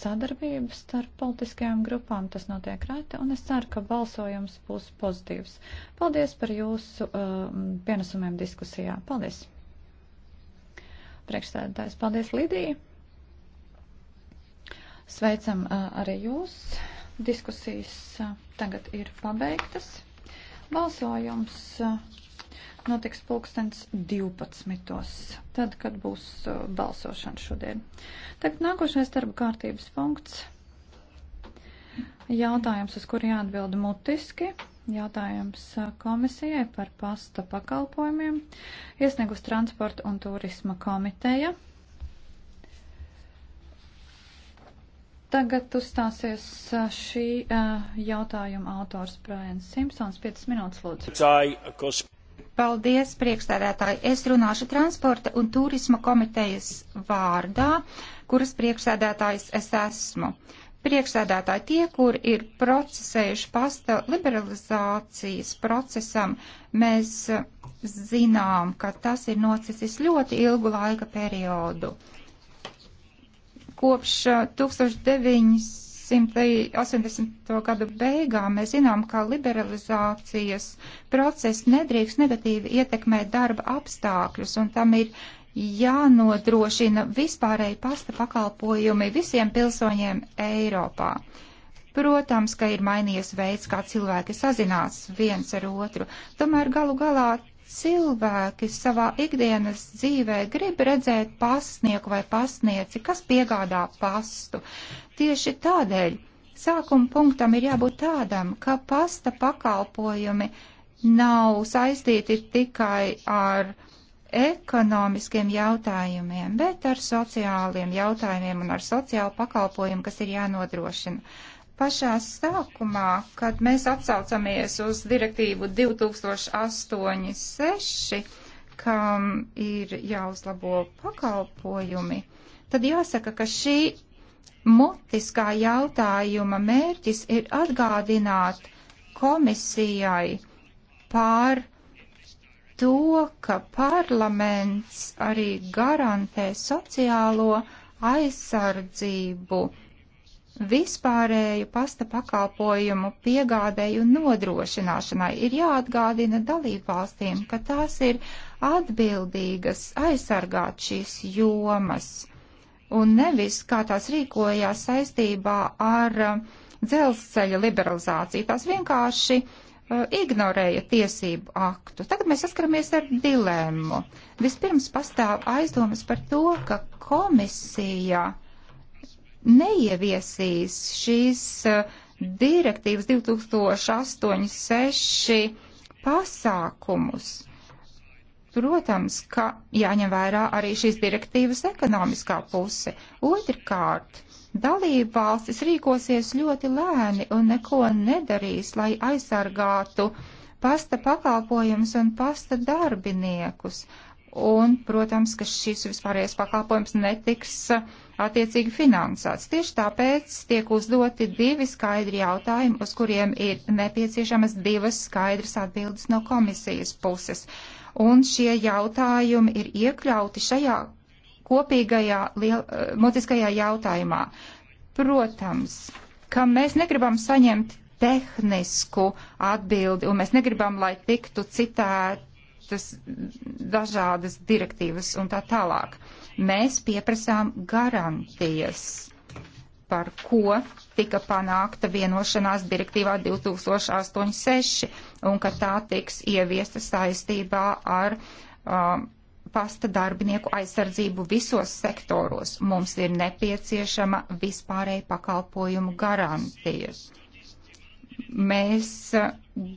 sadarbību starp politiskajām grupām. Tas notiek reti, un es ceru, ka balsojums būs pozitīvs. Paldies par jūsu uh, pienesumiem diskusijā. Paldies! Priekšstādātājs, paldies Lidija! Sveicam uh, arī jūs. Diskusijas uh, tagad ir pabeigtas. Balsojums. Uh, notiks pulkstens 12. Tad, kad būs uh, balsošana šodien. Tagad nākošais darba kārtības punkts. Jautājums, uz kuru jāatbild mutiski. Jautājums uh, komisijai par pasta pakalpojumiem. Iesniegus transporta un turisma komiteja. Tagad uzstāsies uh, šī uh, jautājuma autors Brians Simpsons. 5 minūtes, lūdzu. Paldies, priekšstādātāji. Es runāšu transporta un turisma komitejas vārdā, kuras priekšstādātājs es esmu. Priekšsēdētāji tie, kur ir procesējuši pasta liberalizācijas procesam, mēs zinām, ka tas ir nocisis ļoti ilgu laika periodu. Kopš 1900. Uh, 1980. gadu beigām mēs zinām, ka liberalizācijas process nedrīkst negatīvi ietekmēt darba apstākļus, un tam ir jānodrošina vispārēji pasta pakalpojumi visiem pilsoņiem Eiropā. Protams, ka ir mainījies veids, kā cilvēki sazinās viens ar otru, tomēr galu galā Cilvēki savā ikdienas dzīvē grib redzēt pasnieku vai pasnieci, kas piegādā pastu. Tieši tādēļ sākuma punktam ir jābūt tādam, ka pasta pakalpojumi nav saistīti tikai ar ekonomiskiem jautājumiem, bet ar sociāliem jautājumiem un ar sociālu pakalpojumu, kas ir jānodrošina. Pašā sākumā, kad mēs atsaucamies uz direktīvu 2008-6, kam ir jāuzlabo pakalpojumi, tad jāsaka, ka šī mutiskā jautājuma mērķis ir atgādināt komisijai par to, ka parlaments arī garantē sociālo aizsardzību vispārēju pasta pakalpojumu piegādēju nodrošināšanai ir jāatgādina dalībvalstīm, ka tās ir atbildīgas aizsargāt šīs jomas un nevis kā tās rīkojās saistībā ar uh, dzelzceļa liberalizāciju. Tās vienkārši uh, ignorēja tiesību aktu. Tagad mēs saskaramies ar dilemmu. Vispirms pastāv aizdomas par to, ka komisija uh, neieviesīs šīs eh, direktīvas 2008-6 pasākumus. Protams, ka jāņem vērā arī šīs direktīvas ekonomiskā puse. Otrkārt, dalība valstis rīkosies ļoti lēni un neko nedarīs, lai aizsargātu pasta pakalpojumus un pasta darbiniekus un, protams, ka šis vispārējais pakalpojums netiks attiecīgi finansēts. Tieši tāpēc tiek uzdoti divi skaidri jautājumi, uz kuriem ir nepieciešamas divas skaidras atbildes no komisijas puses. Un šie jautājumi ir iekļauti šajā kopīgajā liel, mutiskajā jautājumā. Protams, ka mēs negribam saņemt tehnisku atbildi, un mēs negribam, lai tiktu citēt atsevišķas dažādas direktīvas un tā tālāk. Mēs pieprasām garantijas, par ko tika panākta vienošanās direktīvā 2086 un ka tā tiks ieviesta saistībā ar um, pasta darbinieku aizsardzību visos sektoros. Mums ir nepieciešama vispārēja pakalpojumu garantija. Mēs uh,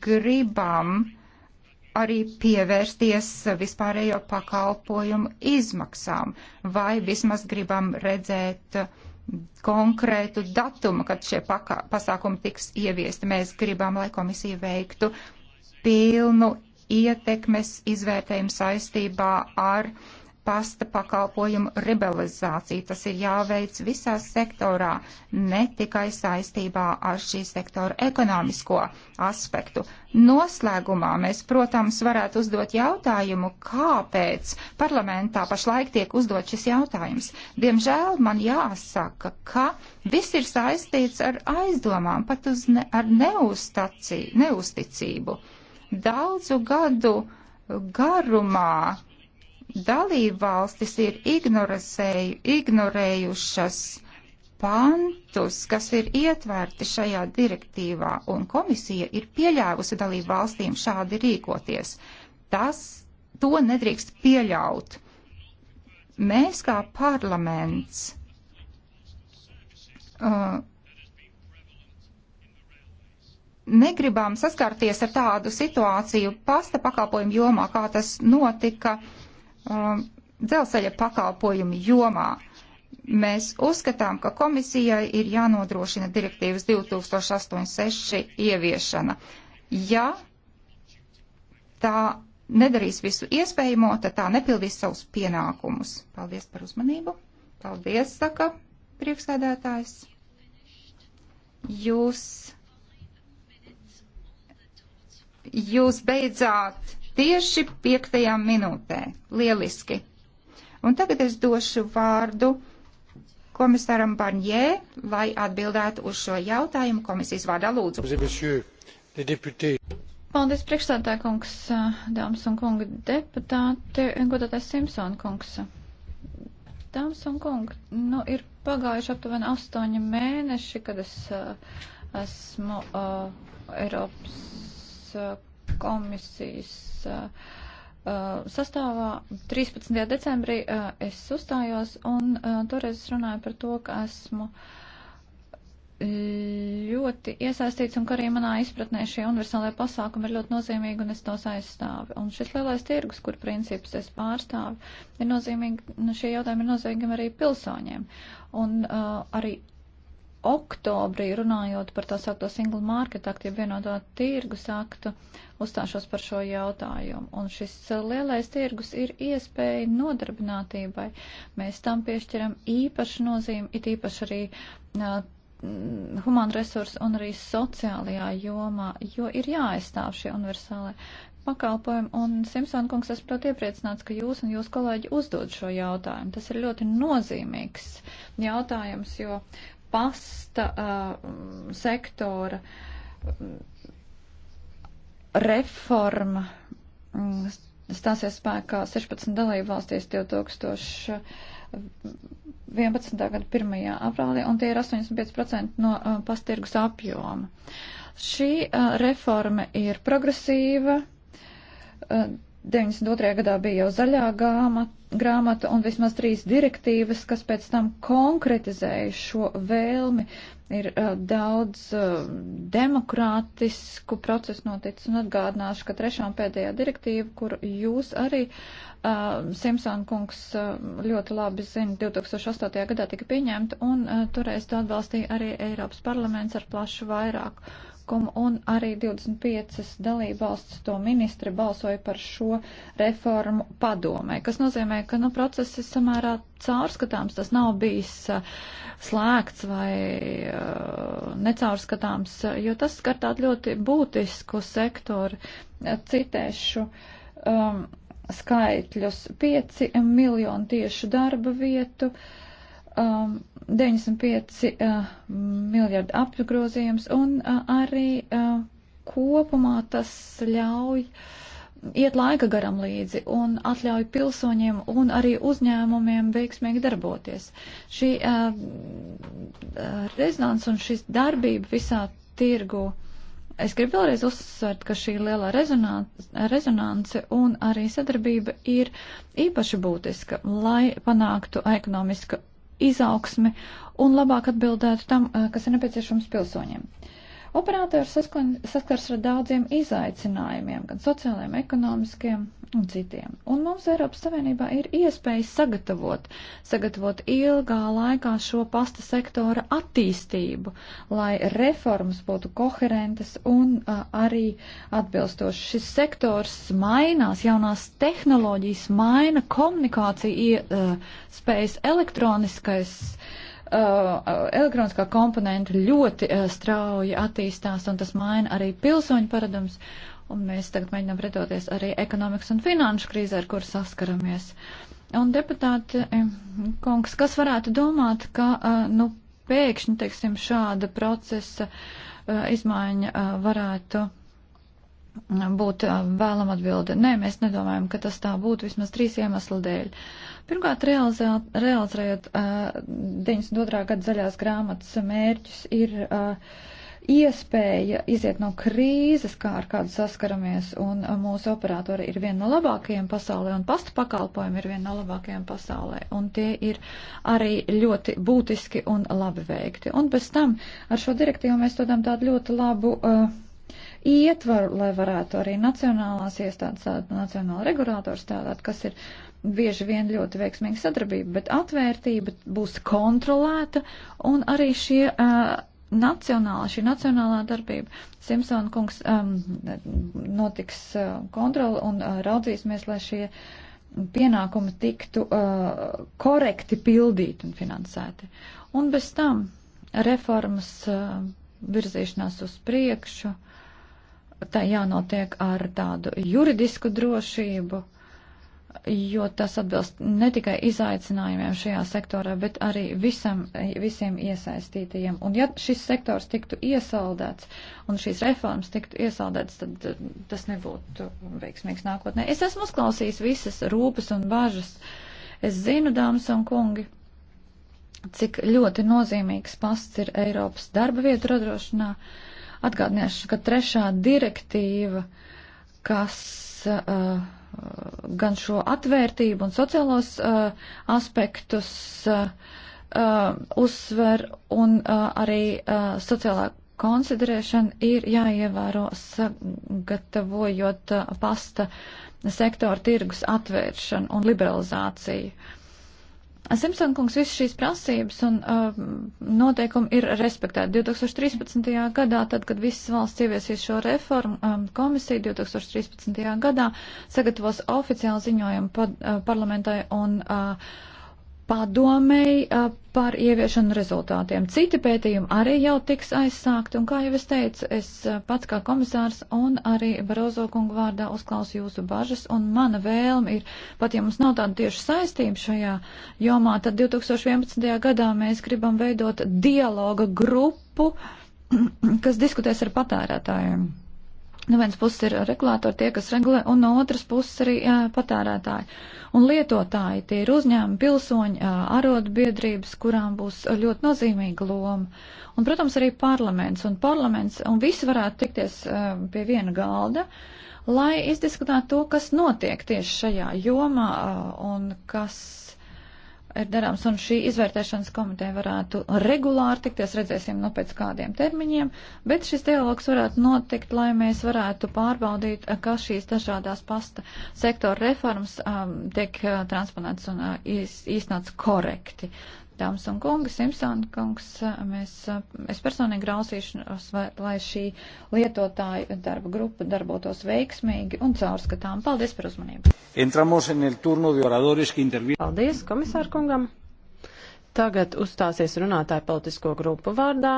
gribam uh, arī pievērsties vispārējo pakalpojumu izmaksām, vai vismaz gribam redzēt konkrētu datumu, kad šie pasākumi tiks ieviesti. Mēs gribam, lai komisija veiktu pilnu ietekmes izvērtējumu saistībā ar uh, pasta pakalpojumu liberalizāciju. Tas ir jāveic visā sektorā, ne tikai saistībā ar šī sektora ekonomisko aspektu. Noslēgumā mēs, protams, varētu uzdot jautājumu, kāpēc parlamentā pašlaik tiek uzdot šis jautājums. Diemžēl man jāsaka, ka viss ir saistīts ar aizdomām, pat uz ne, ar neustaci, neusticību. Daudzu gadu garumā Dalībvalstis ir ignorējušas pantus, kas ir ietverti šajā direktīvā, un komisija ir pieļāvusi dalībvalstīm šādi rīkoties. Tas, to nedrīkst pieļaut. Mēs kā parlaments uh, negribam saskarties ar tādu situāciju pasta pakalpojumu jomā, kā tas notika uh, um, dzelzceļa pakalpojumu jomā. Mēs uzskatām, ka komisijai ir jānodrošina direktīvas 2086 ieviešana. Ja tā nedarīs visu iespējamo, tad tā nepildīs savus pienākumus. Paldies par uzmanību. Paldies, saka priekšsēdētājs. Jūs, jūs beidzāt tieši piektajā minūtē. Lieliski! Un tagad es došu vārdu komisāram Barņē, lai atbildētu uz šo jautājumu komisijas vārdā lūdzu. Paldies, priekšstādā kungs, dāmas un kungi deputāti, godātais Simpson kungs. Dāmas un kungi, nu ir pagājuši aptuveni astoņi mēneši, kad es uh, esmu uh, Eiropas uh, komisijas uh, uh sastāvā 13. decembrī uh, es uzstājos un uh, toreiz es runāju par to, ka esmu uh, ļoti iesaistīts un ka arī manā izpratnē šie universālajie pasākumi ir ļoti nozīmīgi un es tos aizstāvu. Un šis lielais tirgus, kur princips es pārstāvu, ir nozīmīgi, nu, šie jautājumi ir nozīmīgi arī pilsoņiem. Un uh, arī oktobrī, runājot par tā saukto Single Market aktu, ja vienotā tirgus aktu, uzstāšos par šo jautājumu. Un šis lielais tirgus ir iespēja nodarbinātībai. Mēs tam piešķiram īpašu nozīmi, it īpaši arī uh, humāna resursu un arī sociālajā jomā, jo ir jāaizstāv šie universālai pakalpojumi. Un, Simpson kungs, es prot iepriecināts, ka jūs un jūs kolēģi uzdod šo jautājumu. Tas ir ļoti nozīmīgs jautājums, jo pasta uh, sektora um, reforma um, stāsies spēkā 16 dalību valstīs 2011. Uh, gada 1. aprālī, un tie ir 85% no uh, pastirgus apjoma. Šī uh, reforma ir progresīva. Uh, 92. gadā bija jau zaļā gāmata grāmata un vismaz trīs direktīvas, kas pēc tam konkretizēja šo vēlmi. Ir uh, daudz uh, demokrātisku procesu noticis un atgādināšu, ka trešā un pēdējā direktīva, kuru jūs arī, uh, Simpson kungs, uh, ļoti labi zina, 2008. gadā tika pieņemta un uh, toreiz to atbalstīja arī Eiropas parlaments ar plašu vairāku priekšlikumu un arī 25 dalībvalsts to ministri balsoja par šo reformu padomē, kas nozīmē, ka nu, process ir samērā caurskatāms, tas nav bijis uh, slēgts vai uh, necaurskatāms, uh, jo tas skar tādu ļoti būtisku sektoru. Citēšu. Um, skaitļus - 5 miljonu tiešu darba vietu, uh, um, 95 uh, miljardu apgrozījums un uh, arī uh, kopumā tas ļauj iet laika garam līdzi un atļauj pilsoņiem un arī uzņēmumiem veiksmīgi darboties. Šī uh, rezonance un šis darbība visā tirgu. Es gribu vēlreiz uzsvērt, ka šī lielā rezonance un arī sadarbība ir īpaši būtiska, lai panāktu ekonomiska izaugsmi un labāk atbildētu tam, eh, kas ir nepieciešams pilsoņiem. Operātori saskars ar daudziem izaicinājumiem, gan sociālajiem, ekonomiskiem un citiem. Un mums Eiropas Savienībā ir iespējas sagatavot, sagatavot ilgā laikā šo pasta sektora attīstību, lai reformas būtu koherentas un uh, arī atbilstošas. Šis sektors mainās, jaunās tehnoloģijas maina komunikāciju, uh, spējas elektroniskais Uh, elektroniskā komponenta ļoti uh, strauji attīstās, un tas maina arī pilsoņu paradums. Un mēs tagad mēģinām pretoties arī ekonomikas un finanšu krīzē, ar kur saskaramies. Un deputāti, um, kungs, kas varētu domāt, ka, uh, nu, pēkšņi, teiksim, šāda procesa izmaiņa varētu būtu vēlama atbilde. Nē, mēs nedomājam, ka tas tā būtu vismaz trīs iemeslu dēļ. Pirmkārt, realizējot uh, 92. gada zaļās grāmatas mērķus, ir uh, iespēja iziet no krīzes, kā ar kādu saskaramies, un uh, mūsu operatori ir viena no labākajiem pasaulē, un pasta pakalpojumi ir viena no labākajiem pasaulē, un tie ir arī ļoti būtiski un labi veikti. Un bez tam ar šo direktīvu mēs dodam tādu ļoti labu. Uh, ietvaru, lai varētu arī nacionālās iestādes, nacionāla regulātora strādāt, kas ir bieži vien ļoti veiksmīga sadarbība, bet atvērtība būs kontrolēta un arī šie. Uh, Nacionāla, šī nacionālā darbība. Simpsona kungs um, notiks uh, kontroli un uh, raudzīsimies, lai šie pienākumi tiktu uh, korekti pildīti un finansēti. Un bez tam reformas uh, virzīšanās uz priekšu uh, tā jānotiek ar tādu juridisku drošību, jo tas atbilst ne tikai izaicinājumiem šajā sektorā, bet arī visam, visiem iesaistītajiem. Un ja šis sektors tiktu iesaldēts un šīs reformas tiktu iesaldēts, tad tas nebūtu veiksmīgs nākotnē. Es esmu uzklausījis visas rūpes un bažas. Es zinu, dāmas un kungi, cik ļoti nozīmīgs pasts ir Eiropas darba vietu radrošanā. Uh, Atgādināšu, ka trešā direktīva, kas uh, gan šo atvērtību un sociālos uh, aspektus uh, uh, uzsver un uh, arī uh, sociālā konsiderēšana ir jāievēro sagatavojot uh, pasta sektora tirgus atvēršanu un liberalizāciju. Uh, Simpson kungs, visas šīs prasības un uh, noteikumi ir respektēti. 2013. gadā, tad, kad visas valsts ieviesīs šo reformu, um, komisija 2013. gadā sagatavos oficiālu ziņojumu pa, uh, parlamentai un uh, padomēji par ieviešanu rezultātiem. Citi pētījumi arī jau tiks aizsākti, un kā jau es teicu, es pats kā komisārs un arī Barozo kungu vārdā uzklausu jūsu bažas, un mana vēlme ir, pat ja mums nav tāda tieša saistība šajā jomā, tad 2011. gadā mēs gribam veidot dialoga grupu, kas diskutēs ar patērētājiem. No nu, vienas puses ir regulātori, tie, kas regulē, un no otras puses arī jā, patērētāji. Un lietotāji tie ir uzņēmumi, pilsoņi, arotbiedrības, kurām būs ļoti nozīmīga loma. Un, protams, arī parlaments. Un parlaments, un visi varētu tikties pie viena galda, lai izdiskutētu to, kas notiek tieši šajā jomā un kas ir darāms, un šī izvērtēšanas komiteja varētu regulāri tikties, redzēsim, nu pēc kādiem termiņiem, bet šis dialogs varētu notikt, lai mēs varētu pārbaudīt, ka šīs dažādās pasta sektora reformas um, tiek uh, transponētas un uh, īstenots korekti. Uh, Dāmas un kungi, Simpsona kungs, mēs, es personīgi rausīšanos, lai šī lietotāju darba grupa darbotos veiksmīgi un caurskatām. Paldies par uzmanību. Entramos en el turno de oradores, que intervien. Paldies, komisār kungam. Tagad uzstāsies runātāja politisko grupu vārdā.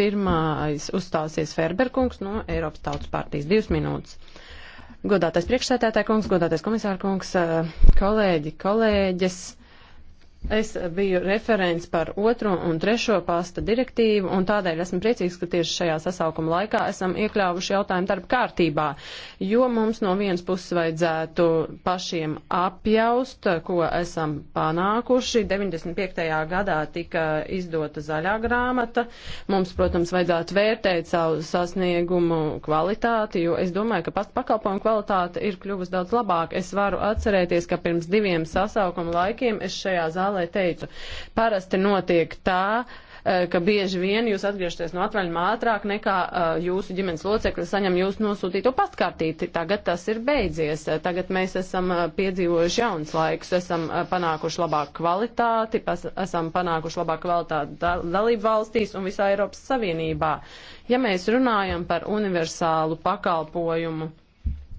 Pirmais uzstāsies Ferberkungs no Eiropas Tautas partijas. Divas minūtes. Godātais priekšsētētāja kungs, godātais komisāra kungs, kolēģi, kolēģis. Es biju referents par otro un trešo pasta direktīvu, un tādēļ esmu priecīgs, ka tieši šajā sasaukuma laikā esam iekļāvuši jautājumu darba kārtībā, jo mums no vienas puses vajadzētu pašiem apjaust, ko esam panākuši. 95. gadā tika izdota zaļā grāmata. Mums, protams, vajadzētu vērtēt savu sasniegumu kvalitāti, jo es domāju, ka pasta pakalpojumu kvalitāte ir kļuvusi daudz labāka. Es varu atcerēties, ka pirms diviem sasaukuma laikiem es šajā zālē zālē teicu. Parasti notiek tā, e, ka bieži vien jūs atgriežaties no atvaļinājuma ātrāk nekā e, jūsu ģimenes locekļi saņem jūsu nosūtīto pastkartīti. Tagad tas ir beidzies. E, tagad mēs esam piedzīvojuši jauns laiks, esam panākuši labāku kvalitāti, pas, esam panākuši labāku kvalitāti dalību valstīs un visā Eiropas Savienībā. Ja mēs runājam par universālu pakalpojumu,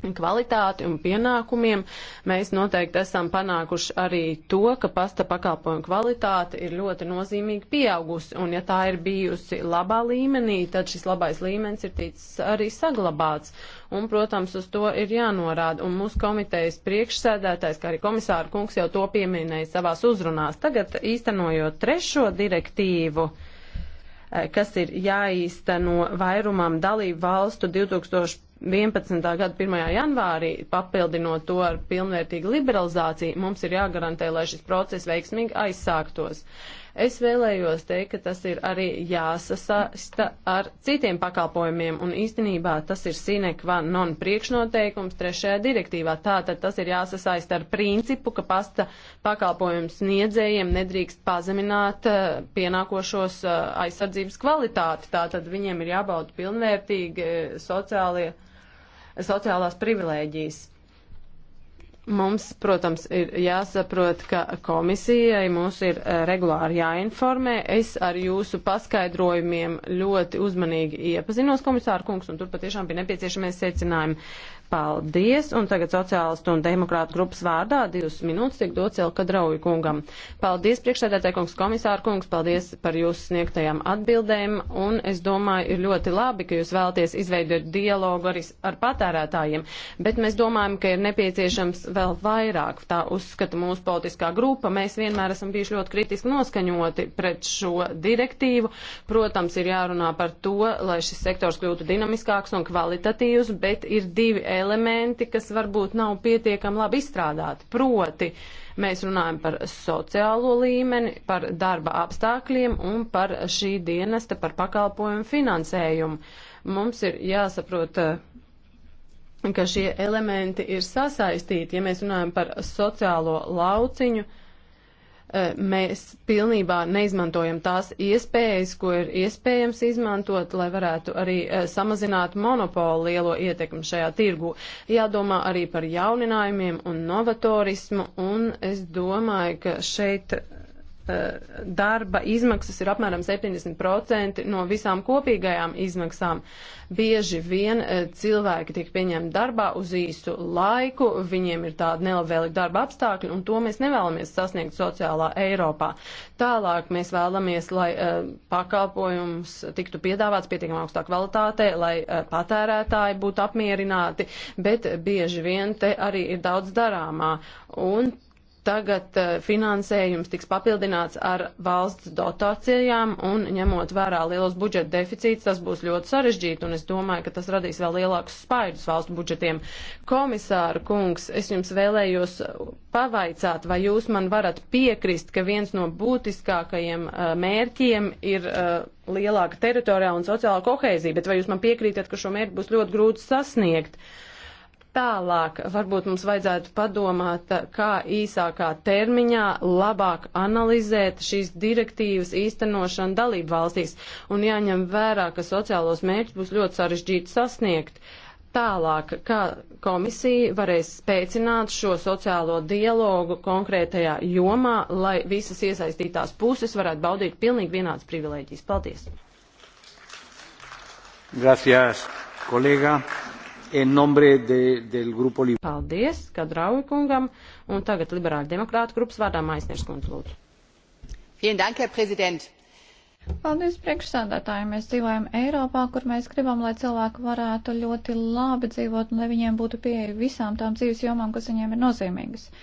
kvalitāti un pienākumiem. Mēs noteikti esam panākuši arī to, ka pasta pakalpojumu kvalitāte ir ļoti nozīmīgi pieaugusi, un ja tā ir bijusi labā līmenī, tad šis labais līmenis ir ticis arī saglabāts. Un, protams, uz to ir jānorāda, un mūsu komitejas priekšsēdētājs, kā arī komisāra kungs jau to pieminēja savās uzrunās. Tagad īstenojot trešo direktīvu eh, kas ir jāīsteno vairumam dalību valstu 2000 11. gada 1. janvārī, papildinot to ar pilnvērtīgu liberalizāciju, mums ir jāgarantē, lai šis process veiksmīgi aizsāktos. Es vēlējos teikt, ka tas ir arī jāsasasta ar citiem pakalpojumiem, un īstenībā tas ir sine qua non priekšnoteikums trešajā direktīvā. Tātad tas ir jāsasaista ar principu, ka pasta pakalpojums sniedzējiem nedrīkst pazemināt eh, pienākošos eh, aizsardzības kvalitāti. Tātad viņiem ir jābauda pilnvērtīgi eh, sociālie sociālās privilēģijas. Mums, protams, ir jāsaprot, ka komisijai mūs ir eh, regulāri jāinformē. Es ar jūsu paskaidrojumiem ļoti uzmanīgi iepazinos, komisāra kungs, un tur patiešām bija nepieciešamie secinājumi. Paldies, un tagad sociālistu un demokrātu grupas vārdā divas minūtes tiek dots Elka Drauju kungam. Paldies, priekšsēdētāji kungs, komisāra kungs, paldies par jūsu sniegtajām atbildēm, un es domāju, ir ļoti labi, ka jūs vēlaties izveidot dialogu arī ar patērētājiem, bet mēs domājam, ka ir nepieciešams vēl vairāk. Tā uzskata mūsu politiskā grupa, mēs vienmēr esam bijuši ļoti kritiski noskaņoti pret šo direktīvu. Protams, ir jārunā par to, lai šis sektors kļūtu dinamiskāks un kvalitatīvs, bet ir divi elementi elementi, kas varbūt nav pietiekami labi izstrādāti. Proti, mēs runājam par sociālo līmeni, par darba apstākļiem un par šī dienesta, par pakalpojumu finansējumu. Mums ir jāsaprot, eh, ka šie elementi ir sasaistīti, ja mēs runājam par sociālo lauciņu Eh, mēs pilnībā neizmantojam tās iespējas, ko ir iespējams izmantot, lai varētu arī eh, samazināt monopolu lielo ietekmi šajā tirgu. Jādomā arī par jauninājumiem un novatorismu, un es domāju, ka šeit Eh, darba izmaksas ir apmēram 70% no visām kopīgajām izmaksām. Bieži vien eh, cilvēki tiek pieņemti darbā uz īsu laiku, viņiem ir tādi nelabvēlīgi darba apstākļi, un to mēs nevēlamies sasniegt sociālā Eiropā. Tālāk mēs vēlamies, lai eh, pakalpojums tiktu piedāvāts pietiekam augstā kvalitātē, lai patērētāji būtu apmierināti, bet bieži vien te arī ir daudz darāmā. Un Tagad eh, finansējums tiks papildināts ar valsts dotācijām un ņemot vērā lielos budžeta deficīts, tas būs ļoti sarežģīti un es domāju, ka tas radīs vēl lielākus spaidus valstu budžetiem. Komisāra kungs, es jums vēlējos pavaicāt, vai jūs man varat piekrist, ka viens no būtiskākajiem eh, mērķiem ir eh, lielāka teritorijā un sociālā kohēzija, bet vai jūs man piekrītat, ka šo mērķi būs ļoti grūti sasniegt? Uh, Tālāk varbūt mums vajadzētu padomāt, kā īsākā termiņā labāk analizēt šīs direktīvas īstenošanu dalību valstīs un jāņem vērā, ka sociālos mērķus būs ļoti sarežģīti sasniegt. Tālāk, kā komisija varēs spēcināt šo sociālo dialogu konkrētajā jomā, lai visas iesaistītās puses varētu baudīt pilnīgi vienādas privilēģijas. Paldies! Gracias, kolēģa! Paldies, Kadrauja kungam, un tagad liberāļu demokrātu grupas vārdā Maisnieks kundze lūdzu. Dank, Paldies priekšsādātāji. Mēs dzīvojam Eiropā, kur mēs gribam, lai cilvēki varētu ļoti labi dzīvot un lai viņiem būtu pieeja visām tām dzīves jomām, kas viņiem ir nozīmīgas. Uh,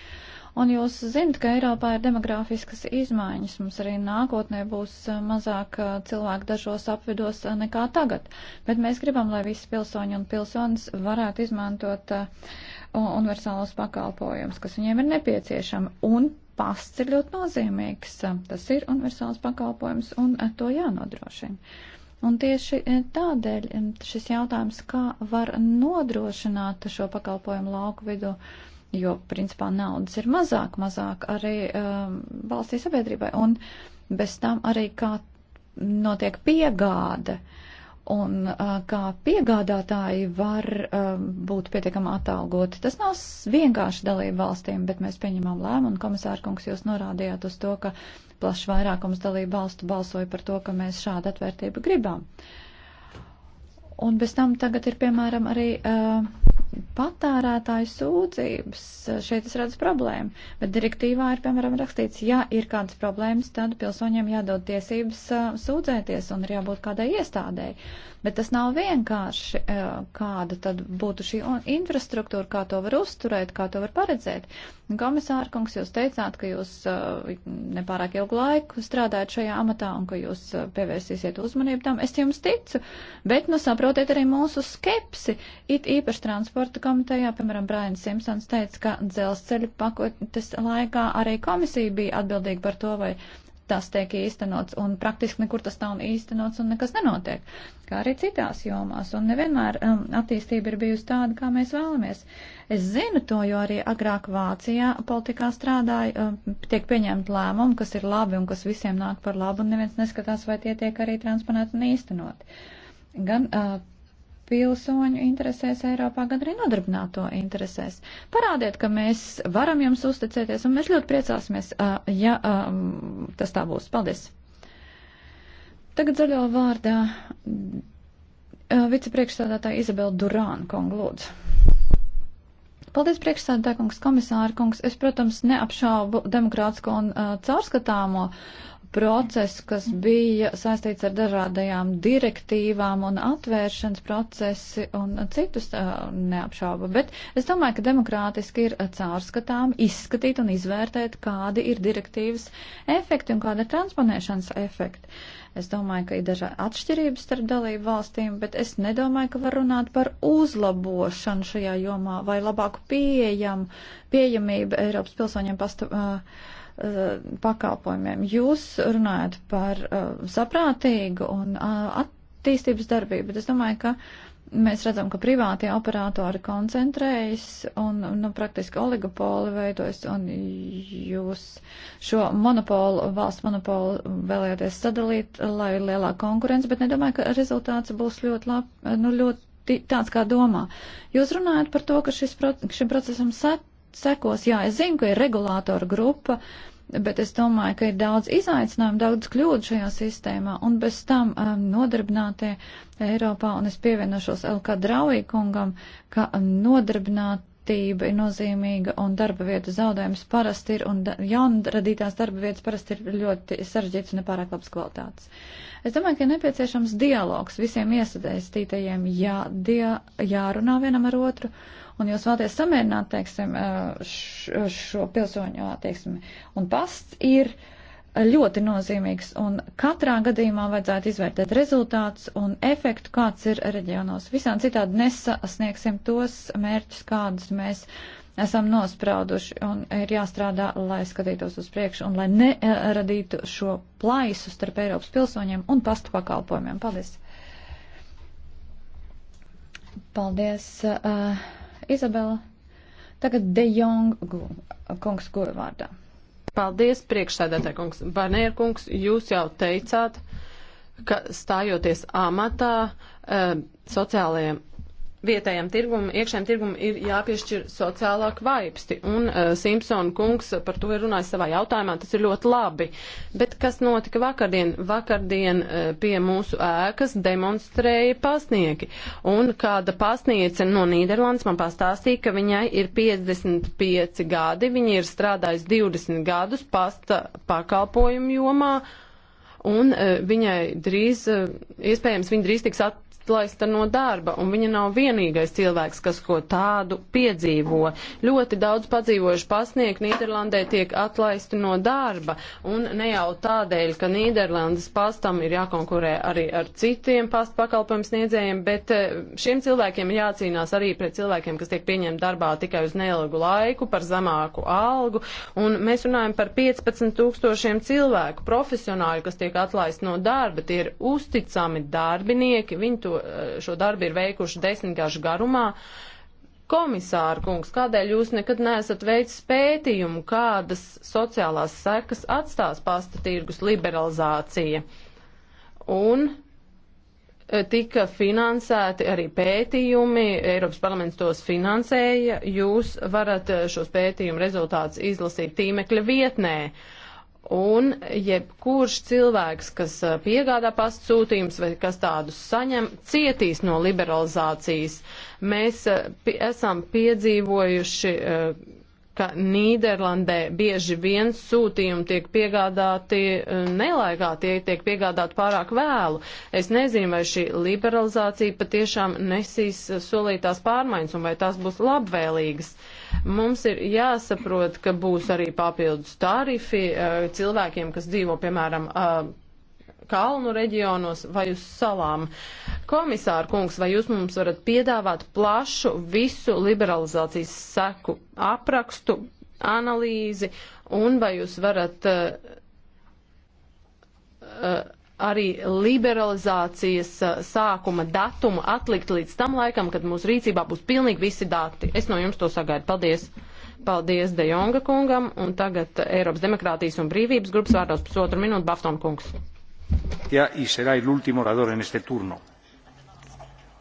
Un jūs zinat, ka Eiropā ir demografiskas izmaiņas. Mums arī nākotnē būs mazāk cilvēku dažos apvidos nekā tagad. Bet mēs gribam, lai visi pilsoņi un pilsonis varētu izmantot universālos pakalpojumus, kas viņiem ir nepieciešami. Un pasts ir ļoti nozīmīgs. Tas ir universāls pakalpojums un to jānodrošina. Un tieši tādēļ šis jautājums, kā var nodrošināt šo pakalpojumu lauku vidu, uh, jo, principā, naudas ir mazāk, mazāk arī um, valstī sabiedrībai, un bez tam arī kā notiek piegāde. Un uh, kā piegādātāji var uh, būt pietiekami atalgoti. Tas nav vienkārši dalība valstīm, bet mēs pieņemam lēmumu, un komisārkungs jūs norādījāt uz to, ka plašs vairākums dalību valstu balsoja par to, ka mēs šādu atvērtību gribam. Un bez tam tagad ir, piemēram, arī uh, patērētāju sūdzības. Šeit es redzu problēmu, bet direktīvā ir, piemēram, rakstīts, ja ir kādas problēmas, tad pilsoņiem jādod tiesības uh, sūdzēties un ir jābūt kādai iestādēji. Bet tas nav vienkārši, eh, kāda tad būtu šī infrastruktūra, kā to var uzturēt, kā to var paredzēt. Komisāra kungs, jūs teicāt, ka jūs eh, nepārāk ilgu laiku strādājat šajā amatā un ka jūs eh, pievērsīsiet uzmanību tam. Es jums ticu, bet, nu, saprotiet arī mūsu skepsi. It īpaši transporta komitejā, piemēram, Brian Simpsons teica, ka dzelzceļa pakotes laikā arī komisija bija atbildīga par to, vai tas tiek īstenots, un praktiski nekur tas nav īstenots, un nekas nenotiek, kā arī citās jomās, un nevienmēr um, attīstība ir bijusi tāda, kā mēs vēlamies. Es zinu to, jo arī agrāk Vācijā politikā strādāja, um, tiek pieņemt lēmumi, kas ir labi un kas visiem nāk par labu, un neviens neskatās, vai tie tiek arī transponēti un īstenot. Gan uh, pilsoņu interesēs Eiropā, gan arī nodarbināto interesēs. Parādiet, ka mēs varam jums uzticēties, un mēs ļoti priecāsimies, ja tas tā būs. Paldies! Tagad zaļo vārdā vicepriekšstādātāja Izabela Durāna konglūdzu. Paldies, priekšstādātāja kungs, komisāra kungs. Es, protams, neapšaubu demokrātisko un uh, caurskatāmo uh, procesu, kas bija saistīts ar dažādajām direktīvām un atvēršanas procesi un citus neapšauba. Bet es domāju, ka demokrātiski ir caurskatām izskatīt un izvērtēt, kādi ir direktīvas efekti un kāda ir transponēšanas efekti. Es domāju, ka ir dažādi atšķirības starp dalību valstīm, bet es nedomāju, ka var runāt par uzlabošanu šajā jomā vai labāku pieejam, pieejamību Eiropas pilsoņiem pasta. Uh, Eh, pakalpojumiem. Jūs runājat par eh, saprātīgu un eh, attīstības darbību, bet es domāju, ka mēs redzam, ka privātie operatori koncentrējas un nu, praktiski oligopoli veidojas, un jūs šo monopolu, valsts monopolu vēlēties sadalīt, lai ir lielāka konkurence, bet nedomāju, ka rezultāts būs ļoti labi, nu, ļoti. Tāds kā domā. Jūs runājat par to, ka šis, šim procesam set, sekos. Jā, es zinu, ka ir regulātora grupa, bet es domāju, ka ir daudz izaicinājumu, daudz kļūdu šajā sistēmā, un bez tam um, nodarbinātie Eiropā, un es pievienošos LK Draujikungam, ka um, nodarbināt ir nozīmīga un darba vietu zaudējums parasti ir un da jaunradītās darba vietas parasti ir ļoti sarežģītas un nepārāk labas kvalitātes. Es domāju, ka ir nepieciešams dialogs visiem iesaistītajiem, jā, dia, jārunā vienam ar otru un jūs vēlaties samierināt, teiksim, šo pilsoņu attieksmi. Un pasts ir ļoti nozīmīgs, un katrā gadījumā vajadzētu izvērtēt rezultātus un efektu, kāds ir reģionos. Visām citādi nesasniegsim tos mērķus, kādus mēs esam nosprauduši, un ir jāstrādā, lai skatītos uz priekšu, un lai neradītu šo plaisu starp Eiropas pilsoņiem un pastu pakalpojumiem. Paldies! Paldies! Uh, Izabela. Tagad De Jong kungs goja vārdā. Paldies, priekšsēdētāji kungs. Banēr kungs, jūs jau teicāt, ka stājoties amatā eh, sociālajiem vietējam tirgum, iekšējam tirgum ir jāpiešķir sociālā kvaipsti, un uh, Simpsona kungs par to ir runājis savā jautājumā, tas ir ļoti labi. Bet kas notika vakardien? Vakardien uh, pie mūsu ēkas demonstrēja pasnieki, un kāda pasniece no Nīderlandes man pastāstīja, ka viņai ir 55 gadi, viņa ir strādājusi 20 gadus pasta pakalpojumu jomā, un uh, viņai drīz, uh, iespējams, viņa drīz tiks atpakaļ atlaista no darba, un viņa nav vienīgais cilvēks, kas ko tādu piedzīvo. Ļoti daudz padzīvojuši pasniegt Nīderlandē tiek atlaisti no darba, un ne jau tādēļ, ka Nīderlandes pastam ir jākonkurē arī ar citiem pastu pakalpojumu sniedzējiem, bet eh, šiem cilvēkiem ir jācīnās arī pret cilvēkiem, kas tiek pieņemti darbā tikai uz neilgu laiku par zemāku algu, un mēs runājam par 15 tūkstošiem cilvēku, profesionāļu, kas tiek atlaisti no darba, tie ir uzticami darbinieki, viņi to Eh, šo darbu ir veikuši desmitgažu garumā. Komisāra kungs, kādēļ jūs nekad neesat veicis pētījumu, kādas sociālās sekas atstās pasta tirgus liberalizācija? Un eh, tika finansēti arī pētījumi, Eiropas parlaments tos finansēja. Jūs varat eh, šos pētījumu rezultātus izlasīt tīmekļa vietnē. Uh, Un jebkurš cilvēks, kas piegādā pastsūtījums vai kas tādus saņem, cietīs no liberalizācijas. Mēs esam piedzīvojuši ka Nīderlandē bieži vien sūtījumi tiek piegādāti eh, nelaikā, tie tiek piegādāti pārāk vēlu. Es nezinu, vai šī liberalizācija patiešām nesīs eh, solītās pārmaiņas un vai tās būs labvēlīgas. Mums ir jāsaprot, ka būs arī papildus tarifi eh, cilvēkiem, kas dzīvo, piemēram, kalnu reģionos vai uz salām. Komisāra kungs, vai jūs mums varat piedāvāt plašu visu liberalizācijas seku aprakstu, analīzi, un vai jūs varat uh, uh, arī liberalizācijas uh, sākuma datumu atlikt līdz tam laikam, kad mūsu rīcībā būs pilnīgi visi dati? Es no jums to sagaidu. Paldies! Paldies De Jonga kungam, un tagad Eiropas demokrātijas un brīvības grupas vārdos pusotru minūtu Baftona kungs. García y será el último orador en este turno.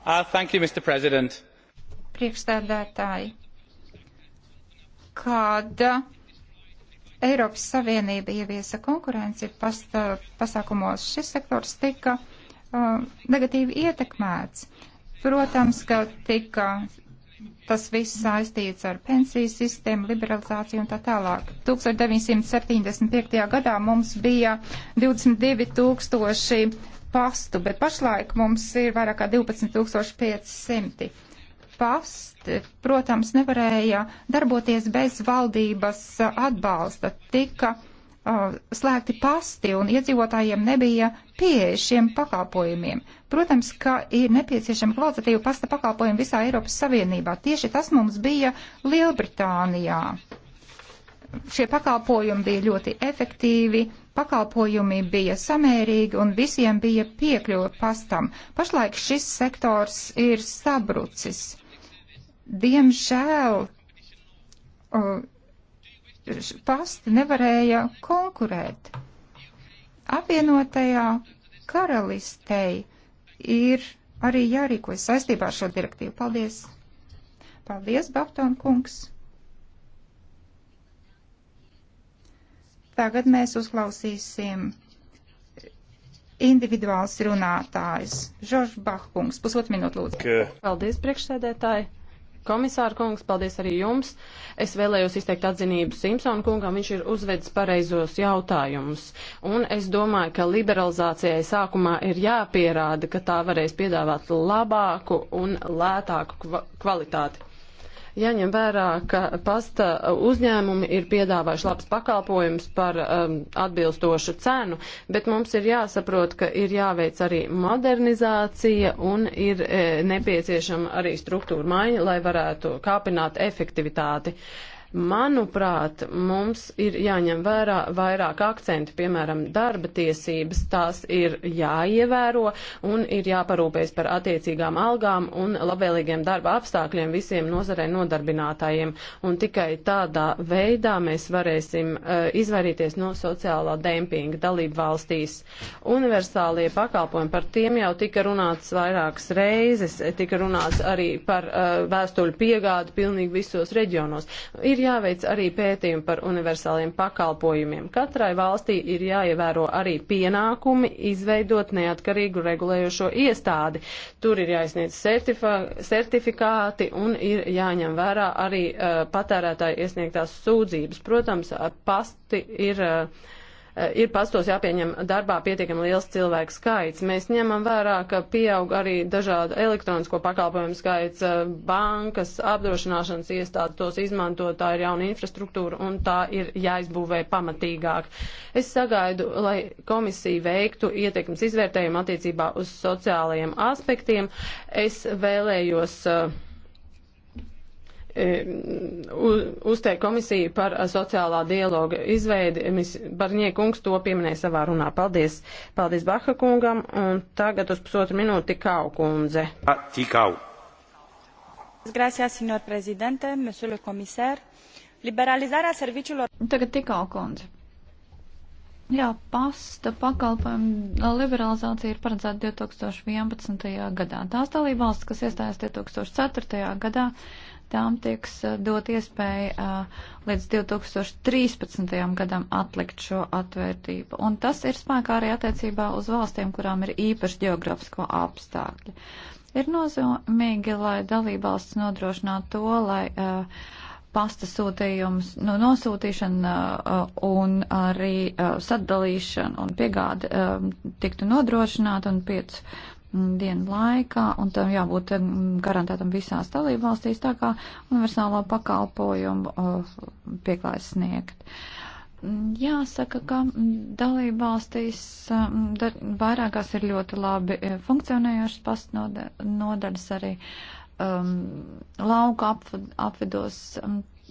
Uh, thank you, Mr. President. Priekšstādātāji, kāda Eiropas Savienība ieviesa konkurenci pasta, pasākumos, šis sektors tika uh, negatīvi ietekmēts. Protams, ka tika tas viss saistīts ar pensiju sistēmu, liberalizāciju un tā tālāk. 1975. gadā mums bija 22 tūkstoši pastu, bet pašlaik mums ir vairāk kā 12 500 pasti, protams, nevarēja darboties bez valdības atbalsta. Tika uh, Uh, slēgti pasti un iedzīvotājiem nebija pieeja šiem pakalpojumiem. Protams, ka ir nepieciešama kvalitatīva pasta pakalpojuma visā Eiropas Savienībā. Tieši tas mums bija Lielbritānijā. Šie pakalpojumi bija ļoti efektīvi, pakalpojumi bija samērīgi un visiem bija piekļuva pastam. Pašlaik šis sektors ir sabrucis. Diemžēl. Uh, pasti nevarēja konkurēt. Apvienotajā karalistei ir arī jārīkojas saistībā ar šo direktīvu. Paldies! Paldies, Bafton kungs! Tagad mēs uzklausīsim individuāls runātājs. Žorž Bahkungs, pusotru minūtu lūdzu. Paldies, priekšsēdētāji! Komisāra kungs, paldies arī jums. Es vēlējos izteikt atzinību Simpsonu kungam, viņš ir uzvedis pareizos jautājumus. Un es domāju, ka liberalizācijai sākumā ir jāpierāda, ka tā varēs piedāvāt labāku un lētāku kvalitāti. Jaņem vērā, ka pasta uzņēmumi ir piedāvājuši labs pakalpojums par um, atbilstošu cenu, bet mums ir jāsaprot, ka ir jāveic arī modernizācija un ir e, nepieciešama arī struktūra maiņa, lai varētu kāpināt efektivitāti. Uh, Manuprāt, mums ir jāņem vērā vairāk akcenti, piemēram, darba tiesības, tās ir jāievēro un ir jāparūpējas par attiecīgām algām un labvēlīgiem darba apstākļiem visiem nozarē nodarbinātājiem. Un tikai tādā veidā mēs varēsim uh, izvairīties no sociālā dempinga dalību valstīs. Universālie pakalpojumi, par tiem jau tika runāts vairākas reizes, tika runāts arī par uh, vēstuļu piegādu pilnīgi visos reģionos. Ir ir jāveic arī pētījumi par universāliem pakalpojumiem. Katrai valstī ir jāievēro arī pienākumi izveidot neatkarīgu regulējošo iestādi. Tur ir jāizniedz certifikāti un ir jāņem vērā arī uh, patērētāju iesniegtās sūdzības. Protams, eh, pasti ir. Uh, Eh, ir pastos jāpieņem darbā pietiekami liels cilvēku skaits. Mēs ņemam vērā, ka pieaug arī dažādu elektronisko pakalpojumu skaits, eh, bankas, apdrošināšanas iestādes tos izmanto, tā ir jauna infrastruktūra un tā ir jāizbūvē pamatīgāk. Es sagaidu, lai komisija veiktu ietekmes izvērtējumu attiecībā uz sociālajiem aspektiem. Es vēlējos uh, uzteikt komisiju par eh, sociālā dialoga izveidi. Barņie kungs to pieminēja savā runā. Paldies. Paldies Baha kungam. Un tagad uz pusotru minūti Tikau kundze. Tikau. Gracias, signor prezidente, monsieur le commissaire. Liberalizarea serviciilor. Tagad Tikau kundze. Jā, pasta pakalpojumu liberalizācija ir paredzēta 2011. gadā. Tās dalībvalstis, kas iestājās 2004. gadā, tām tieks uh, dot iespēja uh, līdz 2013. gadam atlikt šo atvērtību. Un tas ir spēkā arī attiecībā uz valstīm, kurām ir īpaši geogrāfisko apstākļi. Ir nozīmīgi, lai dalībvalsts nodrošinātu to, lai uh, pasta sūtījums, nu, nosūtīšana uh, un arī sadalīšana un piegāde um, tiktu nodrošināta un 5 dienu laikā, un tam jābūt eh, garantētam visās dalībvalstīs, tā kā universālo pakalpojumu eh, pieklājas sniegt. Jāsaka, ka dalībvalstīs eh, vairākās ir ļoti labi funkcionējošas pastnodaļas arī um, lauka apvidos.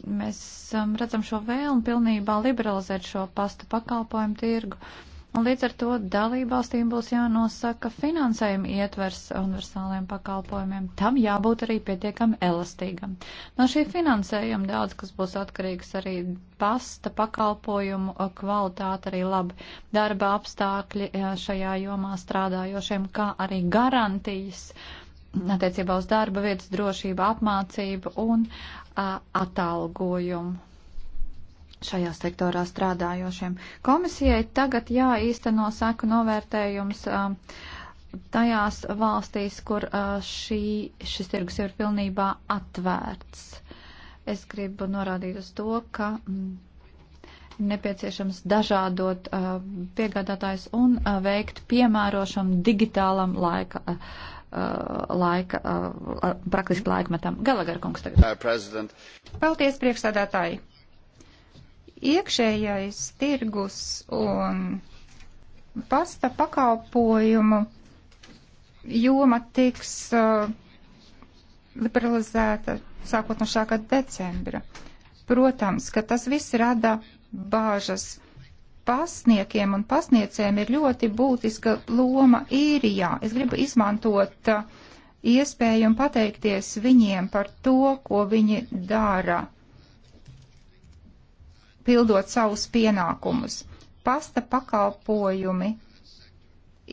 Mēs um, redzam šo vēlmu pilnībā liberalizēt šo pastu pakalpojumu tirgu. Um, Un līdz ar to dalībvalstīm būs jānosaka finansējuma ietvers universāliem pakalpojumiem. Tam jābūt arī pietiekami elastīgam. No šī finansējuma daudz, kas būs atkarīgs arī pasta pakalpojumu eh, kvalitāte, arī labi darba apstākļi eh, šajā jomā strādājošiem, kā arī garantijas mm, attiecībā uz darba vietas drošību, apmācību un a, eh, atalgojumu šajā sektorā strādājošiem. Komisijai tagad jāīsteno seku novērtējums um, tajās valstīs, kur uh, šī, šis tirgus ir pilnībā atvērts. Es gribu norādīt uz to, ka mm, nepieciešams dažādot uh, piegādātājs un uh, veikt piemērošam digitālam laika laika, praktiski laikmetam. Galagar kungs tagad. Paldies, priekšsādātāji! Iekšējais tirgus un pasta pakalpojumu joma tiks uh, liberalizēta sākot no šā gada decembra. Protams, ka tas viss rada bāžas. Pasniekiem un pasniedzējiem ir ļoti būtiska loma īrijā. Es gribu izmantot uh, iespēju un pateikties viņiem par to, ko viņi dara pildot savus pienākumus. Pasta pakalpojumi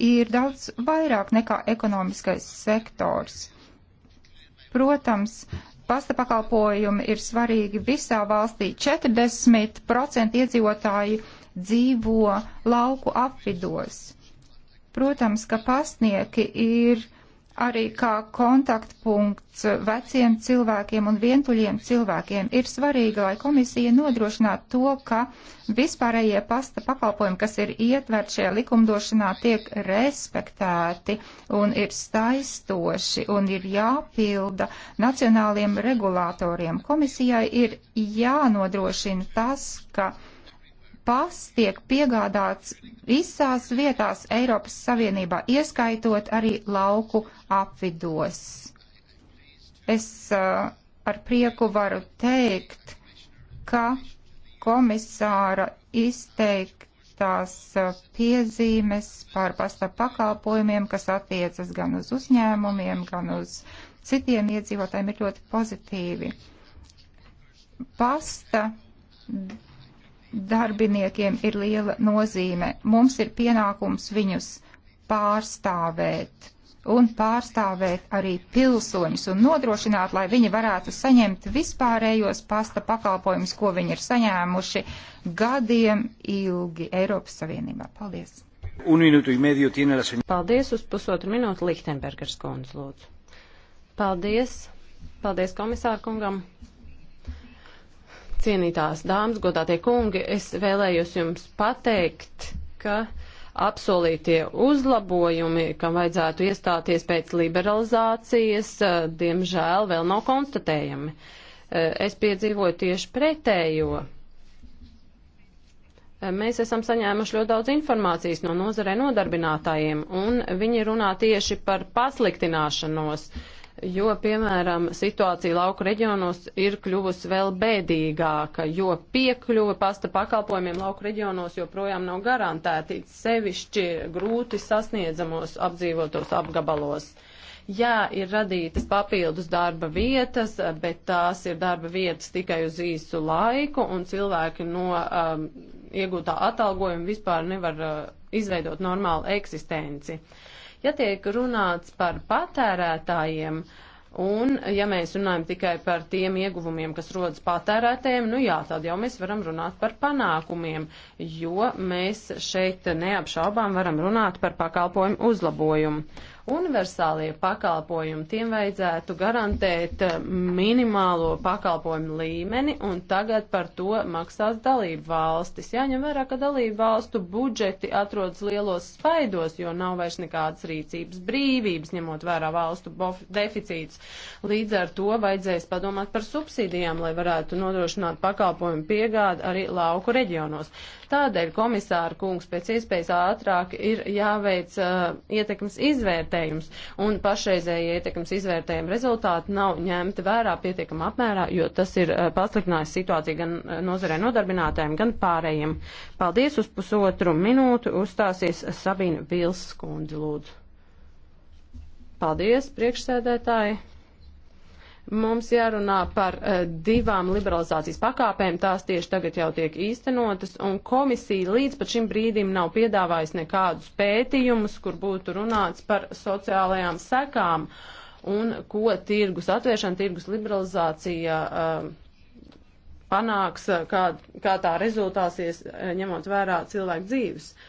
ir daudz vairāk nekā ekonomiskais sektors. Protams, pasta pakalpojumi ir svarīgi visā valstī. 40% iedzīvotāji dzīvo lauku apvidos. Protams, ka pastnieki ir arī kā kontaktpunkts veciem cilvēkiem un vientuļiem cilvēkiem. Ir svarīgi, lai komisija nodrošinātu to, ka vispārējie pasta pakalpojumi, kas ir ietverti šajā likumdošanā, tiek respektēti un ir staistoši un ir jāpilda nacionāliem regulātoriem. Komisijai ir jānodrošina tas, ka pass tiek piegādāts visās vietās Eiropas Savienībā, ieskaitot arī lauku apvidos. Es uh, ar prieku varu teikt, ka komisāra izteiktās uh, piezīmes par pasta pakalpojumiem, kas attiecas gan uz uzņēmumiem, gan uz citiem iedzīvotājiem, ir ļoti pozitīvi. Pasta darbiniekiem ir liela nozīme. Mums ir pienākums viņus pārstāvēt un pārstāvēt arī pilsoņus un nodrošināt, lai viņi varētu saņemt vispārējos pasta pakalpojumus, ko viņi ir saņēmuši gadiem ilgi Eiropas Savienībā. Paldies! Paldies uz pusotru minūtu Lichtenbergers kundz, lūdzu. Paldies! Paldies komisāru kungam! Cienītās dāmas, godātie kungi, es vēlējos jums pateikt, ka apsolītie uzlabojumi, kam vajadzētu iestāties pēc liberalizācijas, eh, diemžēl vēl nav konstatējami. Eh, es piedzīvoju tieši pretējo Mēs esam saņēmuši ļoti daudz informācijas no nozarē nodarbinātājiem, un viņi runā tieši par pasliktināšanos, jo, piemēram, situācija lauku reģionos ir kļuvusi vēl bēdīgāka, jo piekļuve pasta pakalpojumiem lauku reģionos joprojām nav garantēti sevišķi grūti sasniedzamos apdzīvotos apgabalos. Jā, ir radītas papildus darba vietas, bet tās ir darba vietas tikai uz īsu laiku, un cilvēki no um, iegūtā atalgojuma vispār nevar uh, izveidot normālu eksistenci. Ja tiek runāts par patērētājiem, un ja mēs runājam tikai par tiem ieguvumiem, kas rodas patērētājiem, nu jā, tad jau mēs varam runāt par panākumiem, jo mēs šeit neapšaubām varam runāt par pakalpojumu uzlabojumu. Universālie pakalpojumi, tiem vajadzētu garantēt eh, minimālo pakalpojumu līmeni, un tagad par to maksās dalību valstis. Jāņem vērā, ka dalību valstu budžeti atrodas lielos spaidos, jo nav vairs nekādas rīcības brīvības, ņemot vērā valstu deficīts. Līdz ar to vajadzēs padomāt par subsīdijām, lai varētu nodrošināt pakalpojumu piegādi arī lauku reģionos. Tādēļ komisāra kungs pēc iespējas ātrāk ir jāveic uh, ietekmes izvērtējums izvērtējums, un pašreizējie ietekmes izvērtējuma rezultāti nav ņemti vērā pietiekamā apmērā, jo tas ir eh, pasliktinājis situāciju gan eh, nozarē nodarbinātājiem, gan pārējiem. Paldies uz pusotru minūtu, uzstāsies Sabīna Vilskundze, lūdzu. Paldies, priekšsēdētāji! Mums jārunā par uh, divām liberalizācijas pakāpēm, tās tieši tagad jau tiek īstenotas, un komisija līdz pat šim brīdim nav piedāvājusi nekādus pētījumus, kur būtu runāts par sociālajām sekām un ko tirgus atvēršana, tirgus liberalizācija uh, panāks, eh, kā, kā tā rezultāsies, ņemot vērā cilvēku dzīves. Uh,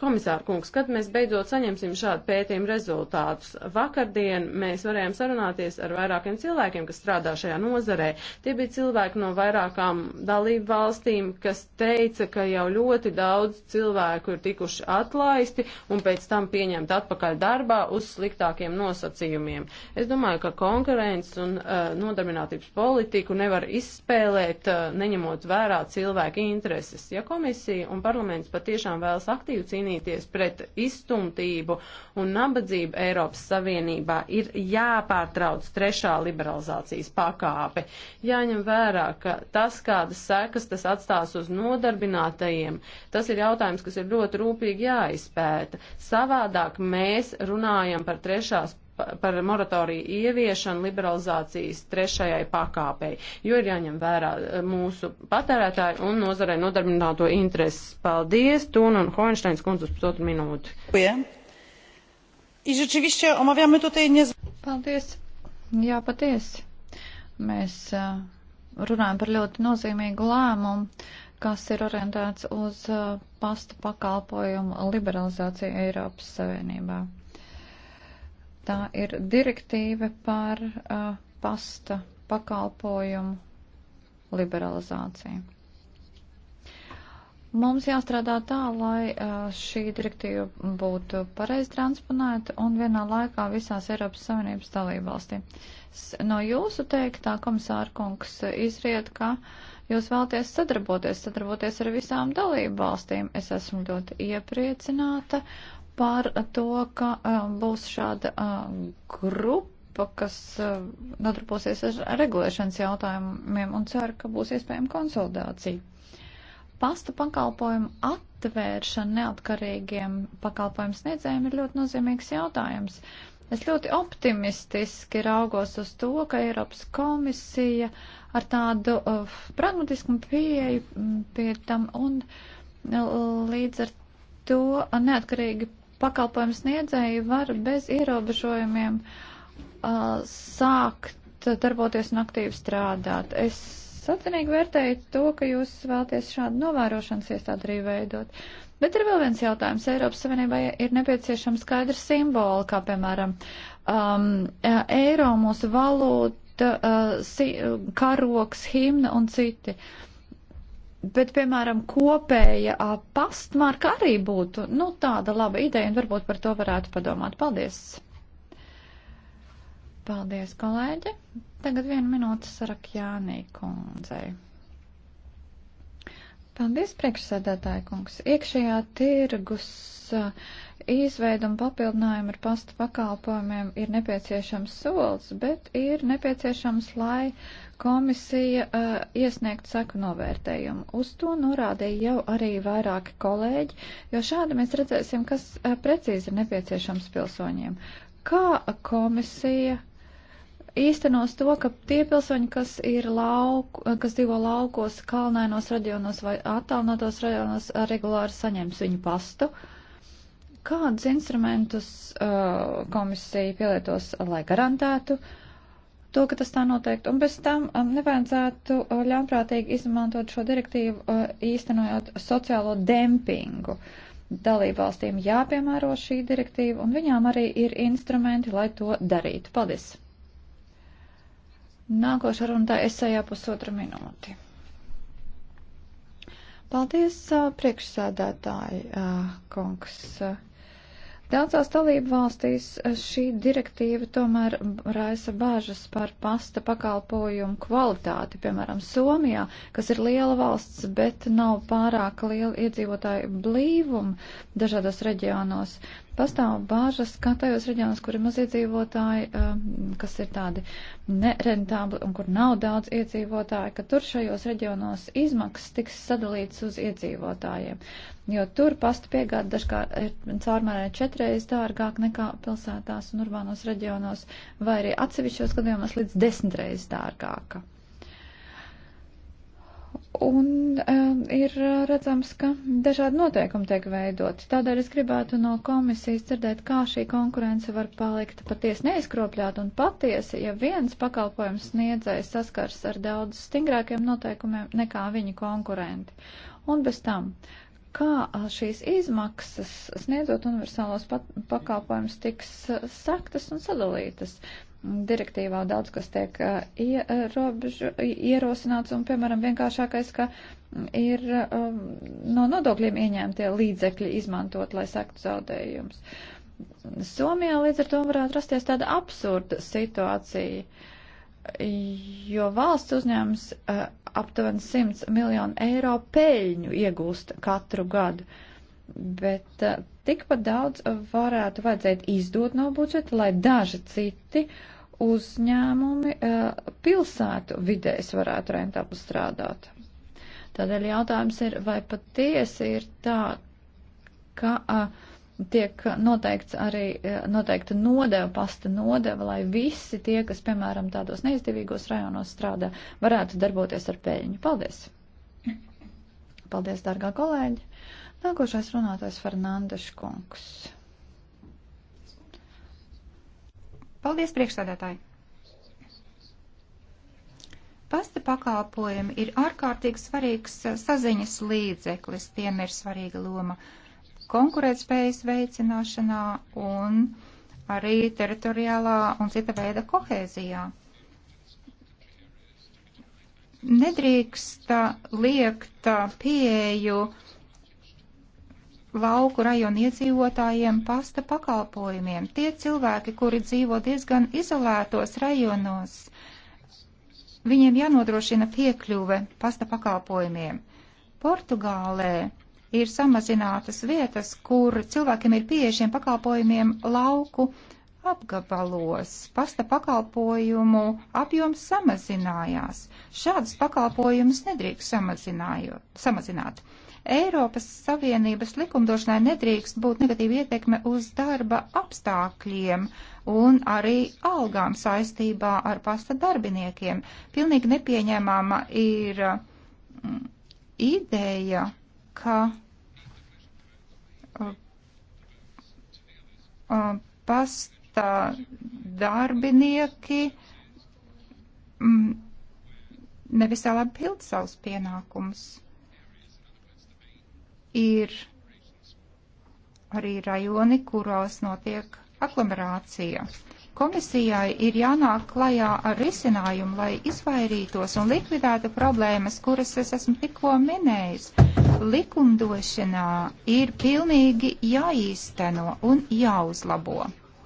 Komisāra kungs, kad mēs beidzot saņemsim šādu pētījumu rezultātus? Vakardien mēs varējām sarunāties ar vairākiem cilvēkiem, kas strādā šajā nozarē. Tie bija cilvēki no vairākām dalību valstīm, kas teica, ka jau ļoti daudz cilvēku ir tikuši atlaisti un pēc tam pieņemti atpakaļ darbā uz sliktākiem nosacījumiem. Es domāju, ka konkurences un uh, nodarbinātības politiku nevar izspēlēt, uh, neņemot vērā cilvēku intereses. Ja komisija un parlaments patiešām vēlas aktīvi cīnīties, cīnīties pret izstumtību un nabadzību Eiropas Savienībā, ir jāpārtrauc trešā liberalizācijas pakāpe. Jāņem vērā, ka tas, kādas sekas tas atstās uz nodarbinātajiem, tas ir jautājums, kas ir ļoti rūpīgi jāizpēta. Savādāk mēs runājam par trešās par moratoriju ieviešanu liberalizācijas trešajai pakāpei, jo ir jāņem vērā e, mūsu patērētāju un nozarei nodarbināto intereses. Paldies, Tūna un Hoinsteins kundze uz pusotru minūtu. Paldies. Jā, patiesi. Mēs e, runājam par ļoti nozīmīgu lēmumu, kas ir orientēts uz e, pasta pakalpojumu liberalizāciju Eiropas Savienībā. Tā ir direktīva par uh, pasta pakalpojumu liberalizāciju. Mums jāstrādā tā, lai šī direktīva būtu pareizi transponēta un vienā laikā visās Eiropas Savienības dalībvalstī. No jūsu teiktā, komisāra kungs, izriet, ka jūs vēlaties sadarboties, sadarboties ar visām dalībvalstīm. Es esmu ļoti iepriecināta par to, ka uh, būs šāda uh, grupa, kas uh, nodarbosies ar regulēšanas jautājumiem un ceru, ka būs iespējama konsolidācija. Pasta pakalpojumu atvēršana neatkarīgiem pakalpojumu sniedzējiem ir ļoti nozīmīgs jautājums. Es ļoti optimistiski raugos uz to, ka Eiropas komisija ar tādu uh, pragmatisku pieeju mm, pie tam un līdz ar to neatkarīgi pakalpojumu sniedzēji var bez ierobežojumiem uh, sākt darboties un aktīvi strādāt. Es sacenīgi vērtēju to, ka jūs vēlties šādu novērošanas iestādi arī veidot. Bet ir vēl viens jautājums. Eiropas Savienībai ir nepieciešama skaidra simbola, kā piemēram um, eiro, mūsu valūta, uh, si karoks, himna un citi. Uh, Bet, piemēram, kopēja pastmarka arī būtu nu, tāda laba ideja, un varbūt par to varētu padomāt. Paldies! Paldies, kolēģi! Tagad viena minūte Sarakjānī kundzei. Paldies, priekšsēdētāji kungs! Iekšējā tirgus. Uh, izveidu un papildinājumu ar pasta pakalpojumiem ir nepieciešams solis, bet ir nepieciešams, lai komisija uh, eh, iesniegtu saku novērtējumu. Uz to norādīja jau arī vairāki kolēģi, jo šādi mēs redzēsim, kas uh, precīzi ir nepieciešams pilsoņiem. Kā komisija īstenos to, ka tie pilsoņi, kas, ir lauk, eh, kas dzīvo laukos, kalnainos reģionos vai attālinātos reģionos, regulāri saņems viņu pastu. Uh, Kādus instrumentus uh, komisija pielietos, lai garantētu to, ka tas tā noteikti? Un bez tam um, nevajadzētu uh, ļaunprātīgi izmantot šo direktīvu, uh, īstenojot sociālo dempingu. Dalībvalstīm jāpiemēro šī direktīva, un viņām arī ir instrumenti, lai to darītu. Paldies! Nākošā runā esējā pusotra minūte. Paldies, uh, priekšsēdētāji, uh, kungs. Daudzās dalību valstīs eh, šī direktīva tomēr raisa bāžas par pasta pakalpojumu kvalitāti, piemēram, Somijā, kas ir liela valsts, bet nav pārāk liela iedzīvotāju blīvuma dažādos reģionos. Pastāv bāžas, kā tajos reģionos, kur ir maz iedzīvotāji, eh, kas ir tādi nerentabli un kur nav daudz iedzīvotāju, ka tur šajos reģionos izmaksas tiks sadalītas uz iedzīvotājiem jo tur pasta piegāda dažkārt ir caurmērē četreiz dārgāk nekā pilsētās un urbānos reģionos, vai arī atsevišķos gadījumos līdz desmitreiz dārgāka. Un um, ir uh, redzams, ka dažādi noteikumi tiek veidoti. Tādēļ es gribētu no komisijas dzirdēt, kā šī konkurence var palikt patiesi neizkropļāta un patiesi, ja viens pakalpojums sniedzējs saskars ar daudz stingrākiem noteikumiem nekā viņa konkurenti. Un bez tam, kā šīs izmaksas, sniedzot universālos pakalpojumus, tiks saktas un sadalītas. Direktīvā daudz kas tiek ierobežu, ierosināts, un, piemēram, vienkāršākais, ka ir um, no nodokļiem ieņēmtie līdzekļi izmantot, lai sektu zaudējumus. Somijā līdz ar to varētu rasties tāda absurda situācija. Uh, jo valsts uzņēmums uh, aptuveni 100 miljonu eiro peļņu iegūst katru gadu. Bet uh, tikpat daudz varētu vajadzēt izdot no budžeta, lai daži citi uzņēmumi uh, pilsētu vidēs varētu rentabli strādāt. Tādēļ jautājums ir, vai patiesi ir tā, ka uh, tiek noteikts arī e, noteikta nodeva, pasta nodeva, lai visi tie, kas, piemēram, tādos neizdevīgos rajonos strādā, varētu darboties ar peļņu. Paldies! Paldies, dārgā kolēģi! Nākošais runātājs Fernandes kungs. Paldies, priekšsēdētāji! Pasta pakalpojumi ir ārkārtīgi svarīgs e, saziņas līdzeklis, tiem ir svarīga loma. Uh, konkurētspējas veicināšanā un arī teritoriālā un cita veida kohēzijā. Nedrīkst liekt uh, pieeju lauku rajonu iedzīvotājiem pasta pakalpojumiem. Tie cilvēki, kuri dzīvo diezgan izolētos rajonos, viņiem jānodrošina piekļuve pasta pakalpojumiem. Portugālē ir samazinātas vietas, kur cilvēkiem ir pieejamiem pakalpojumiem lauku apgabalos. Pasta pakalpojumu apjoms samazinājās. Šādus pakalpojumus nedrīkst samazināt. Eiropas Savienības likumdošanai nedrīkst būt negatīva ietekme uz darba apstākļiem un arī algām saistībā ar pasta darbiniekiem. Pilnīgi nepieņēmama ir mm, ideja ka uh, uh, pastā darbinieki mm, nevisā labi pild savus pienākumus. Ir arī rajoni, kurās notiek aglomerācija. Komisijai ir jānāk klajā ar risinājumu, lai izvairītos un likvidētu problēmas, kuras es esmu tikko minējis. Likumdošanā ir pilnīgi jāīsteno un jāuzlabo.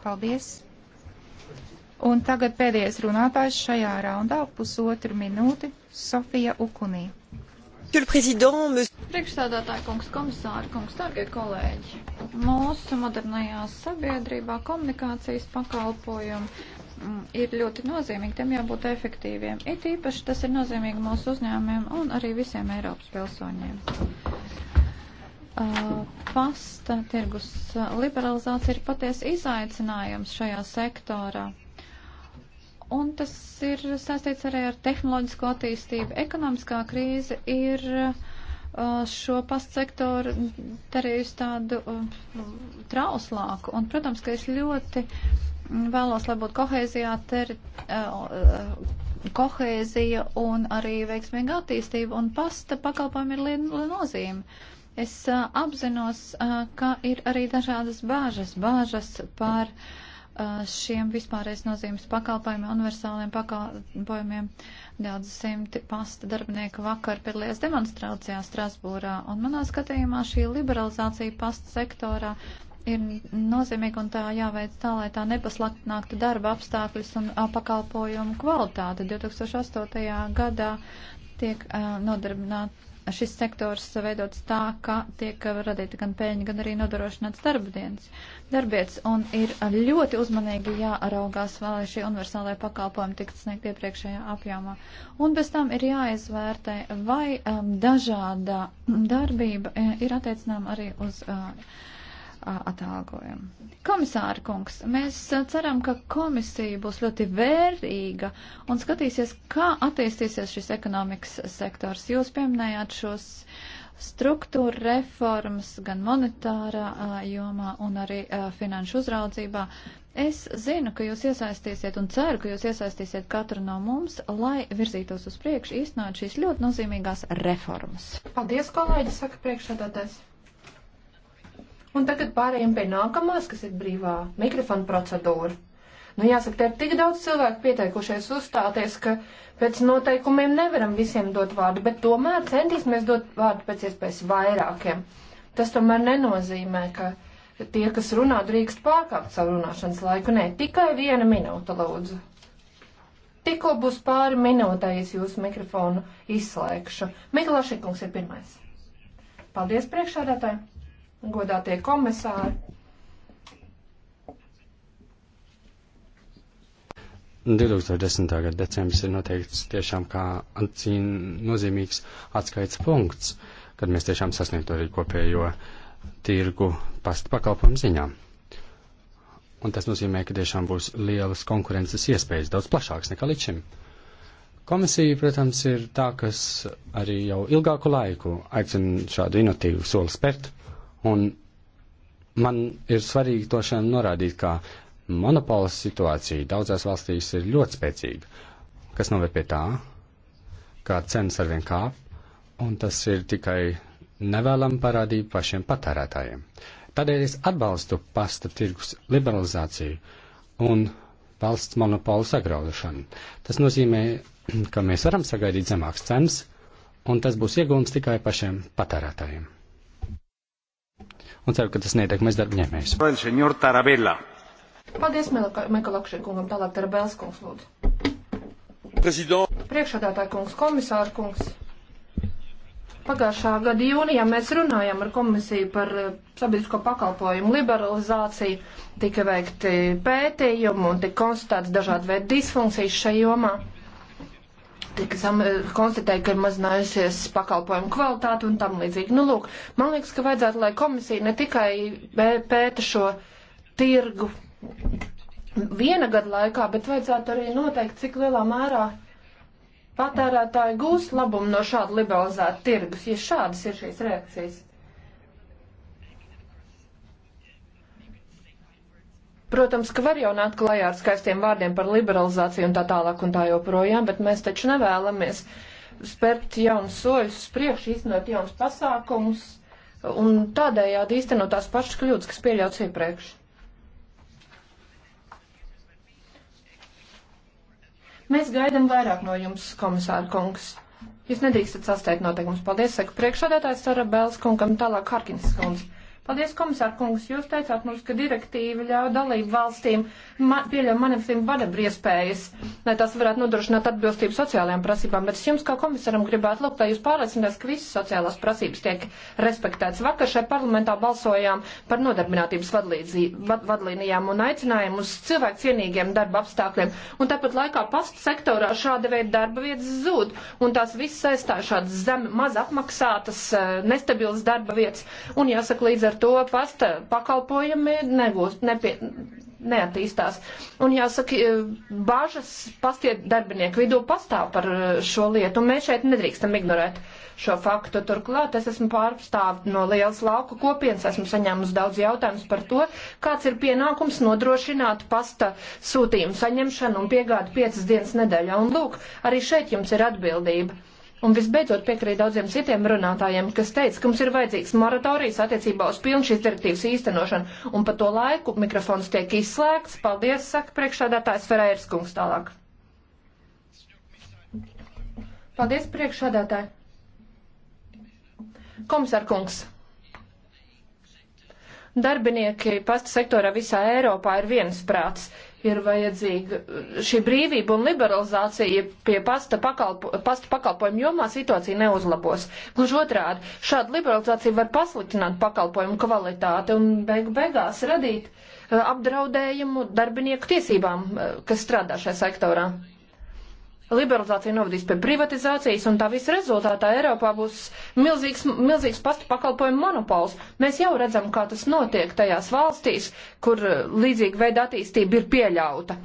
Paldies! Un tagad pēdējais runātājs šajā raundā pusotru minūti - Sofija Ukunī. Priekšstādātāja kungs, komisāra kungs, dārgie kolēģi, mūsu modernajā sabiedrībā komunikācijas pakalpojumi mm, ir ļoti nozīmīgi, tiem jābūt efektīviem. It īpaši tas ir nozīmīgi mūsu uzņēmumiem un arī visiem Eiropas pilsoņiem. Uh, pasta tirgus liberalizācija ir paties izaicinājums šajā sektorā Un tas ir saistīts arī ar tehnoloģisko attīstību. Ekonomiskā krīze ir uh, šo pastsektoru darījusi tādu uh, trauslāku. Un, protams, ka es ļoti vēlos, lai būtu kohēzijā teri, uh, kohēzija un arī veiksmīga attīstība, un pasta pakalpojumi ir liela nozīme. Es apzinos, ka ir arī dažādas bāžas, bāžas par. Uh, šiem vispārreiz nozīmes pakalpojumiem, universāliem pakalpojumiem. Daudz simti pasta darbinieku vakar piedalījās demonstrācijā Strasbūrā, un manā skatījumā šī liberalizācija pasta sektorā ir nozīmīga un tā jāveic tā, lai tā nepasliktinātu darba apstākļus un pakalpojumu kvalitāti. 2008. gadā tiek nodarbināti šis sektors veidots tā, ka tiek radīta gan pēļņa, gan arī nodrošināts darbdienas, darbietas. Un ir ļoti uzmanīgi jāraugās, lai šie universālajie pakalpojumi tiktu sniegt iepriekšējā apjomā. Un bez tam ir jāizvērtē, vai um, dažāda darbība eh, ir attiecināma arī uz. Uh, atalgojumu. Komisāra kungs, mēs ceram, ka komisija būs ļoti vērīga un skatīsies, kā attīstīsies šis ekonomikas sektors. Jūs pieminējāt šos struktūra reformas gan monetārā jomā un arī finanšu uzraudzībā. Es zinu, ka jūs iesaistīsiet un ceru, ka jūs iesaistīsiet katru no mums, lai virzītos uz priekšu īstenot šīs ļoti nozīmīgās reformas. Paldies, kolēģi, saka priekšsēdētājs. Un tagad pārējiem pie nākamās, kas ir brīvā mikrofona procedūra. Nu, jāsaka, te ir tik daudz cilvēku pieteikušies uzstāties, ka pēc noteikumiem nevaram visiem dot vārdu, bet tomēr centīsimies dot vārdu pēc iespējas vairākiem. Tas tomēr nenozīmē, ka tie, kas runā, drīkst pārkāpt savu runāšanas laiku. Nē, tikai viena minūte, lūdzu. Tikko būs pāri minūtē, es jūsu mikrofonu izslēgšu. Miklāšikungs ir pirmais. Paldies priekšādātāji! godātie komisāri. 2010. gada decembris ir noteikts tiešām kā acīm nozīmīgs atskaits punkts, kad mēs tiešām sasniegtu arī kopējo tirgu pastu pakalpojumu ziņā. Un tas nozīmē, ka tiešām būs lielas konkurences iespējas, daudz plašāks nekā līdz šim. Komisija, protams, ir tā, kas arī jau ilgāku laiku aicina šādu inovatīvu soli spērt, Un man ir svarīgi to šodien norādīt, ka monopola situācija daudzās valstīs ir ļoti spēcīga, kas noved pie tā, ka cenas arvien kāp, un tas ir tikai nevēlama parādība pašiem patērētājiem. Tādēļ es atbalstu pasta tirgus liberalizāciju un valsts monopolu sagraudušanu. Tas nozīmē, ka mēs varam sagaidīt zemākas cenas, un tas būs iegūms tikai pašiem patērētājiem un ceru, ka tas neietekmēs darbņēmējus. Paldies, Mekalakšē kungam, tālāk Tarabēls kungs lūdzu. Priekšādātāja kungs, komisāra kungs. Pagājušā gada jūnijā mēs runājām ar komisiju par eh, sabiedrisko pakalpojumu liberalizāciju, tika veikti pētījumi un tika konstatēts dažādi veidi disfunkcijas šajā jomā tika konstatēja, ka ir mazinājusies pakalpojumu kvalitāte un tam līdzīgi. Nu, lūk, man liekas, ka vajadzētu, lai komisija ne tikai pēta šo tirgu viena gada laikā, bet vajadzētu arī noteikt, cik lielā mērā patērētāji gūs labumu no šāda liberalizēta tirgus, ja šādas ir šīs reakcijas. Protams, ka var jau nākt klajā ar skaistiem vārdiem par liberalizāciju un tā tālāk un tā joprojām, bet mēs taču nevēlamies spērt jaunus soļus uz priekšu, īstenot jaunus pasākumus un tādējādi īstenot tās pašas kļūdas, kas pieļauts iepriekš. Mēs gaidām vairāk no jums, komisāra kungs. Jūs nedrīkstat sastēt noteikumus. Paldies, saka priekšādātājs Sara Bēls kungam, tālāk Harkins kundze. Paldies, komisār kungs, jūs teicāt mums, ka direktīva ļauj dalību valstīm ma pieļauj manifestīm vadabri iespējas, lai tās varētu nodrošināt atbilstību sociālajām prasībām, bet es jums kā komisaram gribētu lūgt, lai jūs pārliecināties, ka visas sociālās prasības tiek respektētas. Vakar šai parlamentā balsojām par nodarbinātības vadlīdzi, vad, vadlīnijām un aicinājumu uz cilvēku cienīgiem darba apstākļiem. Un tāpat laikā pasta sektorā šāda veida darba vietas zūd, un tās visas aizstāja šādas zem, maz apmaksātas, eh, nestabilas darba vietas. Un jāsaka līdz ar ar to pasta pakalpojumi nebūs, nepie, neattīstās. Un jāsaka, e, bažas pastiet darbinieku vidū pastāv par e, šo lietu, un mēs šeit nedrīkstam ignorēt šo faktu. Turklāt es esmu pārstāv no lielas lauku kopienas, esmu saņēmusi daudz jautājumus par to, kāds ir pienākums nodrošināt pasta sūtījumu saņemšanu un piegādu piecas dienas nedēļā. Un lūk, arī šeit jums ir atbildība Un visbeidzot piekrīt daudziem citiem runātājiem, kas teica, ka mums ir vajadzīgs moratorijas attiecībā uz pilnu šīs direktīvas īstenošanu. Un pa to laiku mikrofons tiek izslēgts. Paldies, saka priekšādātājs Ferērs kungs tālāk. Paldies, priekšādātāji. Komisār kungs darbinieki pasta sektorā visā Eiropā ir viensprāts, ir vajadzīga uh, šī brīvība un liberalizācija pie pasta, pakalpo, pasta pakalpojumu jomā situācija neuzlabos. Gluži otrādi, šāda liberalizācija var pasliktināt pakalpojumu kvalitāti un beigu beigās radīt uh, apdraudējumu darbinieku tiesībām, uh, kas strādā šajā sektorā liberalizācija novadīs pie privatizācijas, un tā visa rezultātā Eiropā būs milzīgs, milzīgs pastu pakalpojumu monopols. Mēs jau redzam, kā tas notiek tajās valstīs, kur eh, līdzīga veida attīstība ir pieļauta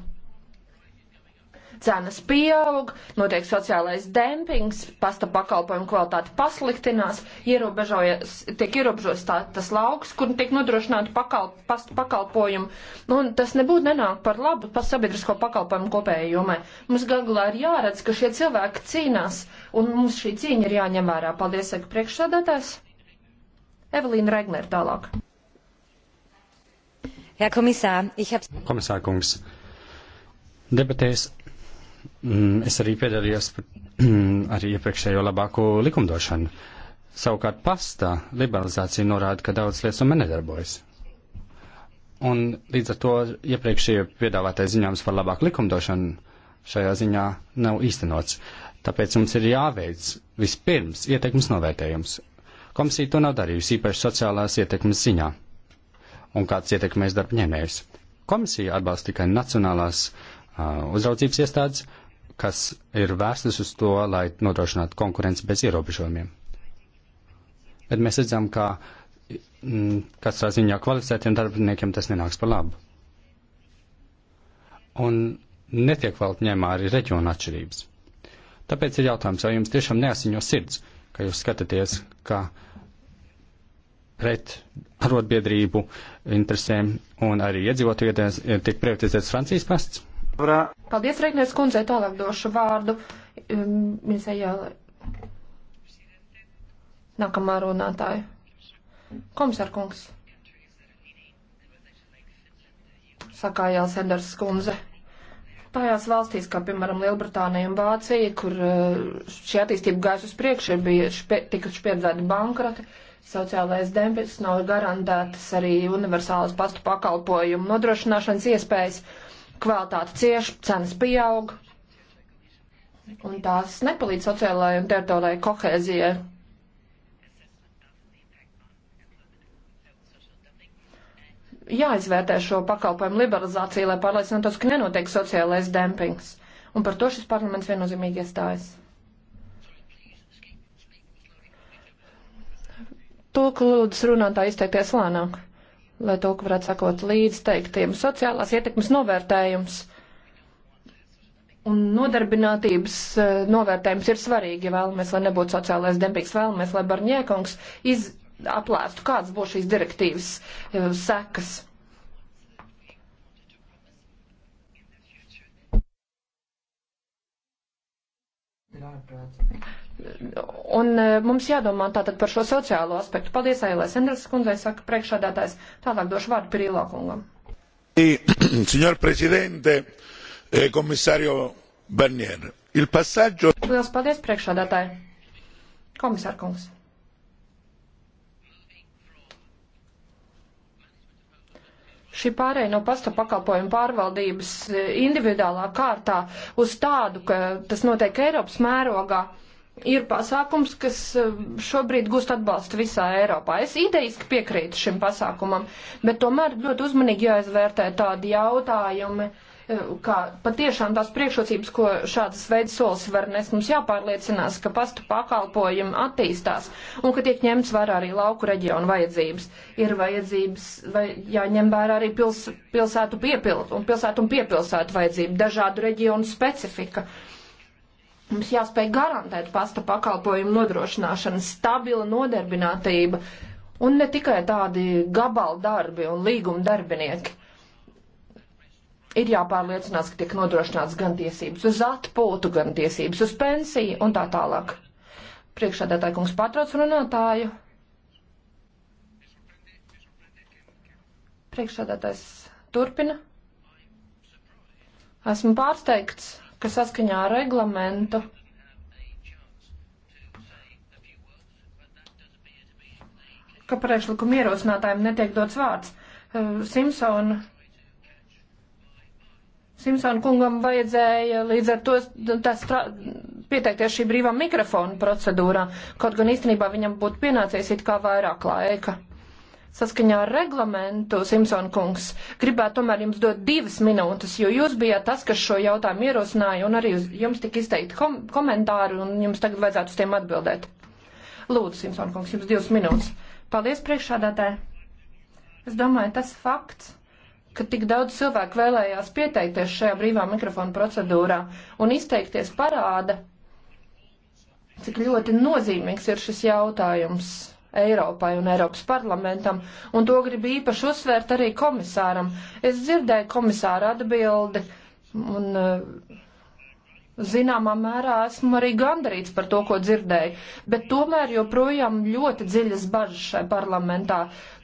cenas pieaug, notiek sociālais dempings, pasta pakalpojumu kvalitāte pasliktinās, tiek ierobežots tā, tas lauks, kur tiek nodrošināta pakal, pasta pakalpojumu, nu, un tas nebūtu nenāk par labu pa sabiedrisko pakalpojumu kopējai jomai. Mums galā ir jāredz, ka šie cilvēki cīnās, un mums šī cīņa ir jāņem vērā. Paldies, saka priekšsādātājs. Evelīna Regner tālāk. Herr Kommissar, ich habe. Kommissar Kungs, debatēs Mm, es arī piedalījos arī iepriekšējo labāko likumdošanu. Savukārt pastā liberalizācija norāda, ka daudz lietas man nedarbojas. Un līdz ar to iepriekšējo piedāvātais ziņojums par labāku likumdošanu šajā ziņā nav īstenots. Tāpēc mums ir jāveic vispirms ietekmes novērtējums. Komisija to nav darījusi īpaši sociālās ietekmes ziņā. Un kāds ietekmēs darbņēmējus. Komisija atbalsta tikai nacionālās uh, uzraudzības iestādes, kas ir vērstas uz to, lai nodrošinātu konkurenci bez ierobežojumiem. Bet mēs redzam, ka mm, katrā ziņā kvalificētiem darbiniekiem tas nenāks par labu. Un netiek vēl ņēmā arī reģiona atšķirības. Tāpēc ir jautājums, vai jums tiešām neasiņo sirds, ka jūs skatāties, ka pret arotbiedrību interesēm un arī iedzīvotu vietēs tiek privatizēts Francijas pasts? Paldies, Reiknēs kundzei, tālāk došu vārdu. Jāle... Um, Nākamā runātāja. Komisār kungs. Sakā Jāls Enders kundze. Tajās valstīs, kā piemēram Lielbritānija un Vācija, kur uh, šī attīstība gājas uz priekšu, ir bija špie, tikuši piedzēti bankrati, sociālais dempings, nav garantētas arī universālas pastu pakalpojumu nodrošināšanas iespējas. Uh, kvalitāte cieš, cenas pieaug, un tās nepalīdz sociālajai un teritorijai kohēzijai. Jāizvērtē šo pakalpojumu liberalizāciju, lai pārliecinātos, ka nenotiek sociālais dempings. Un par to šis parlaments viennozīmīgi iestājas. Tulku lūdzu runātāji izteikties lēnāk lai to, ka varētu sakot līdz teiktiem, sociālās ietekmes novērtējums un nodarbinātības eh, novērtējums ir svarīgi, ja vēlamies, lai nebūtu sociālais dempings, vēlamies, lai Barņiekungs iz, aplēstu, kādas būs šīs direktīvas eh, sekas. Ārprāt. Un e, mums jādomā tātad par šo sociālo aspektu. Paldies, Ailēs Endres kundzei, saka priekšādātājs. Tālāk došu vārdu Pirīlā kungam. Signor Presidente, komisārio eh, Barnier, il passaggio... Lielas paldies, priekšādātāji. Komisār kungs. šī pārēja no pasta pakalpojumu pārvaldības e, individuālā kārtā uz tādu, ka tas notiek Eiropas mērogā ir pasākums, kas eh, šobrīd gūst atbalstu visā Eiropā. Es ideiski piekrītu šim pasākumam, bet tomēr ļoti uzmanīgi jāizvērtē tādi jautājumi, eh, kā patiešām tās priekšrocības, ko šāds veids solis var nes, mums jāpārliecinās, ka pastu pakalpojumi attīstās un ka tiek ņemts vērā arī lauku reģionu vajadzības. Ir vajadzības, vai jāņem vērā arī pils, pilsētu, piepil, un pilsētu un piepilsētu vajadzību, dažādu reģionu specifika. Uh, Mums jāspēj garantēt pasta pakalpojumu nodrošināšanu, stabila nodarbinātība un ne tikai tādi gabalu darbi un līguma darbinieki. Ir jāpārliecinās, ka tiek nodrošināts gan tiesības uz atpūtu, gan tiesības uz pensiju un tā tālāk. Priekšādātāja kungs pārtrauc runātāju. Priekšādātājs turpina. Esmu pārsteigts ka saskaņā ar reglamentu ka priekšlikuma ierosinātājiem netiek dots vārds. Simpsona. Uh, Simpsona kungam vajadzēja līdz ar to strā, pieteikties šī brīvā mikrofona procedūrā, kaut gan īstenībā viņam būtu pienācies it kā vairāk laika. Saskaņā ar reglamentu, Simpson kungs, gribētu tomēr jums dot divas minūtes, jo jūs bijāt tas, kas šo jautājumu ierosināja, un arī jums tika izteikti kom komentāri, un jums tagad vajadzētu uz tiem atbildēt. Lūdzu, Simpson kungs, jums divas minūtes. Paldies priekšādātē. Es domāju, tas fakts, ka tik daudz cilvēku vēlējās pieteikties šajā brīvā mikrofona procedūrā un izteikties parāda, cik ļoti nozīmīgs ir šis jautājums Eiropai un Eiropas parlamentam, un to grib īpaši uzsvērt arī komisāram. Es dzirdēju komisāra atbildi, un eh, zināmā mērā esmu arī gandarīts par to, ko dzirdēju, bet tomēr joprojām ļoti dziļas bažas šai parlamentā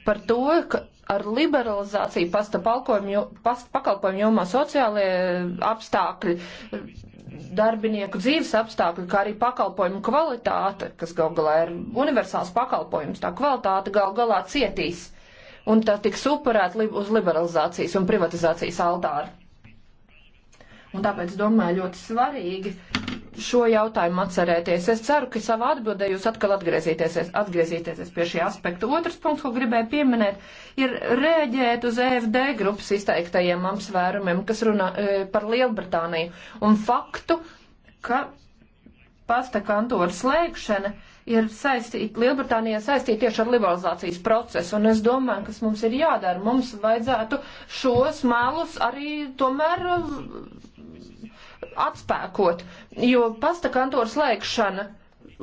par to, ka ar liberalizāciju pasta pakalpojumu jomā sociālie eh, apstākļi darbinieku dzīves apstākļi, kā arī pakalpojumu kvalitāte, kas gal galā ir universāls pakalpojums, tā kvalitāte gal galā cietīs un tā tiks upurēta li uz liberalizācijas un privatizācijas altāra. Un tāpēc, domāju, ļoti svarīgi šo jautājumu atcerēties. Es ceru, ka savā atbildē jūs atkal atgriezīties, atgriezīties pie šī aspekta. Otrs punkts, ko gribēju pieminēt, ir rēģēt uz EFD grupas izteiktajiem apsvērumiem, kas runā e, par Lielbritāniju un faktu, ka pasta kantora slēgšana ir saistīta, Lielbritānijā saistīta tieši ar liberalizācijas procesu, un es domāju, kas mums ir jādara. Mums vajadzētu šos mēlus arī tomēr atspēkot, jo pasta kantora slēgšana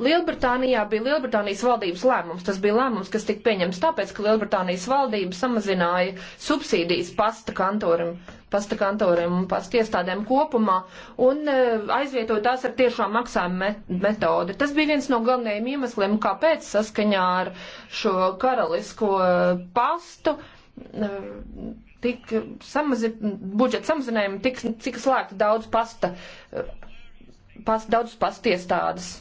Lielbritānijā bija Lielbritānijas valdības lēmums. Tas bija lēmums, kas tika pieņemts tāpēc, ka Lielbritānijas valdība samazināja subsīdijas pasta kantoram, pasta kantoram un pasta iestādēm kopumā un e, aizvietoja tās ar tiešām maksājumu metodi. Tas bija viens no galvenajiem iemesliem, kāpēc saskaņā ar šo karalisko e, pastu e, tik samazi, budžeta samazinājumi, tik, cik slēgta daudz pasta, pas, daudz pastiestādes.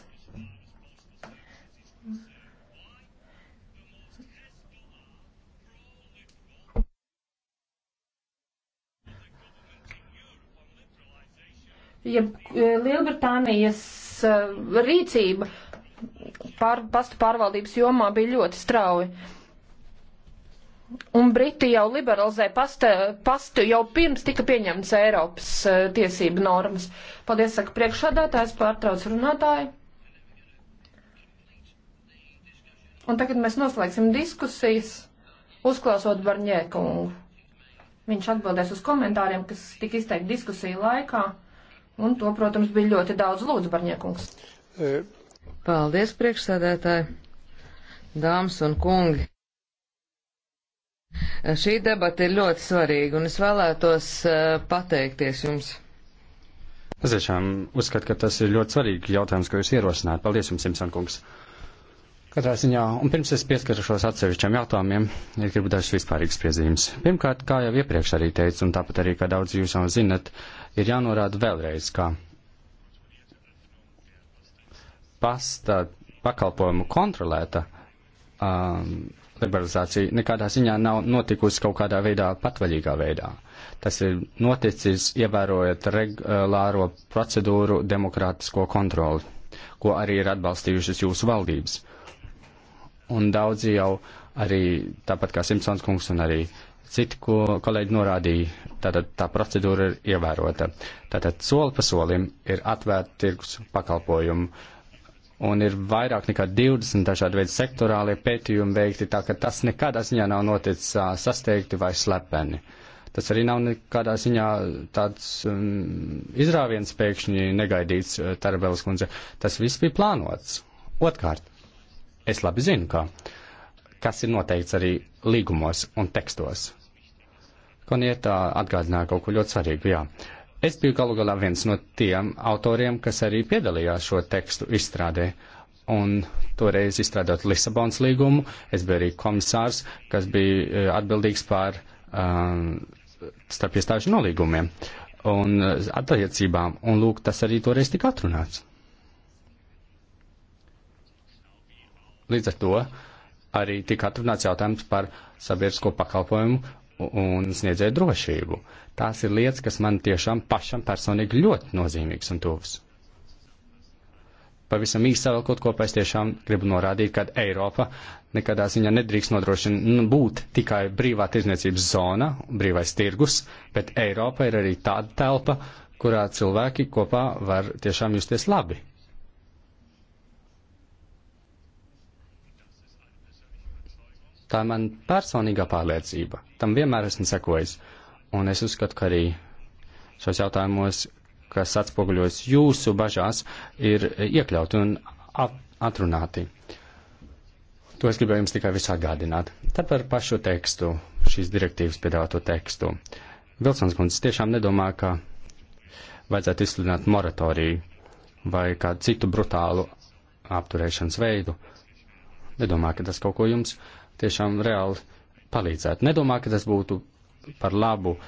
Ja Lielbritānijas eh, rīcība pār, pastu pārvaldības jomā bija ļoti strauja. Un Briti jau liberalizē pastu, pastu jau pirms tika pieņemts Eiropas uh, tiesību normas. Paldies, saka priekšādātājs, pārtrauc runātāju. Un tagad mēs noslēgsim diskusijas, uzklausot Barņēkungu. Viņš atbildēs uz komentāriem, kas tika izteikti diskusiju laikā, un to, protams, bija ļoti daudz lūdzu, Barņiekungs. Paldies, priekšsēdētāji, dāmas un kungi. Šī debata ir ļoti svarīga, un es vēlētos eh, pateikties jums. Es tiešām uzskatu, ka tas ir ļoti svarīgi jautājums, ko jūs ierosināt. Paldies jums, Simpson kungs. Katrā ziņā, un pirms es pieskaršos atsevišķiem jautājumiem, ir gribu dažas vispārīgas piezīmes. Pirmkārt, kā jau iepriekš arī teicu, un tāpat arī, kā daudz jūs jau zinat, ir jānorāda vēlreiz, ka pasta pakalpojumu kontrolēta um, liberalizācija nekādā ziņā nav notikusi kaut kādā veidā patvaļīgā veidā. Tas ir noticis ievērojot regulāro procedūru demokrātisko kontroli, ko arī ir atbalstījušas jūsu valdības. Un daudzi jau arī, tāpat kā Simpsons kungs un arī citi, ko kolēģi norādīja, tātad tā procedūra ir ievērota. Tātad soli pa solim ir atvērta tirgus pakalpojumu uh, un ir vairāk nekā 20 dažādi veidi sektorālie pētījumi veikti, tā ka tas nekādā ziņā nav noticis sasteigti vai slepeni. Tas arī nav nekādā ziņā tāds um, izrāviens pēkšņi negaidīts, Tarabēlas kundze. Tas viss bija plānots. Otkārt, es labi zinu, ka kas ir noteikts arī līgumos un tekstos. Konieta atgādināja kaut ko ļoti svarīgu, jā. Uh, Es biju galu galā viens no tiem autoriem, kas arī piedalījās šo tekstu izstrādē. Un toreiz izstrādot Lisabonas līgumu, es biju arī komisārs, kas bija eh, atbildīgs par um, starp iestāžu nolīgumiem un eh, attiecībām. Un lūk, tas arī toreiz tika atrunāts. Līdz ar to arī tika atrunāts jautājums par sabiedrisko pakalpojumu un sniedzēju drošību. Tās ir lietas, kas man tiešām pašam personīgi ļoti nozīmīgs un tuvs. Pavisam īsi savilkot kopā, es tiešām gribu norādīt, ka Eiropa nekādā ziņā nedrīkst nodrošina nu, būt tikai brīvā tirzniecības zona, brīvais tirgus, bet Eiropa ir arī tāda telpa, kurā cilvēki kopā var tiešām justies labi. Tā ir man personīgā pārliecība. Tam vienmēr esmu sekojis. Un es uzskatu, ka arī šos jautājumos, kas atspoguļojas jūsu bažās, ir iekļauti un atrunāti. To es gribēju jums tikai visu atgādināt. Tad par pašu tekstu, šīs direktīvas piedāvāto tekstu. Vilsons kundze tiešām nedomā, ka vajadzētu izsludināt moratoriju vai kādu citu brutālu apturēšanas veidu. Nedomāju, ka tas kaut ko jums tiešām reāli palīdzētu. Nedomā, ka tas būtu par labu uh,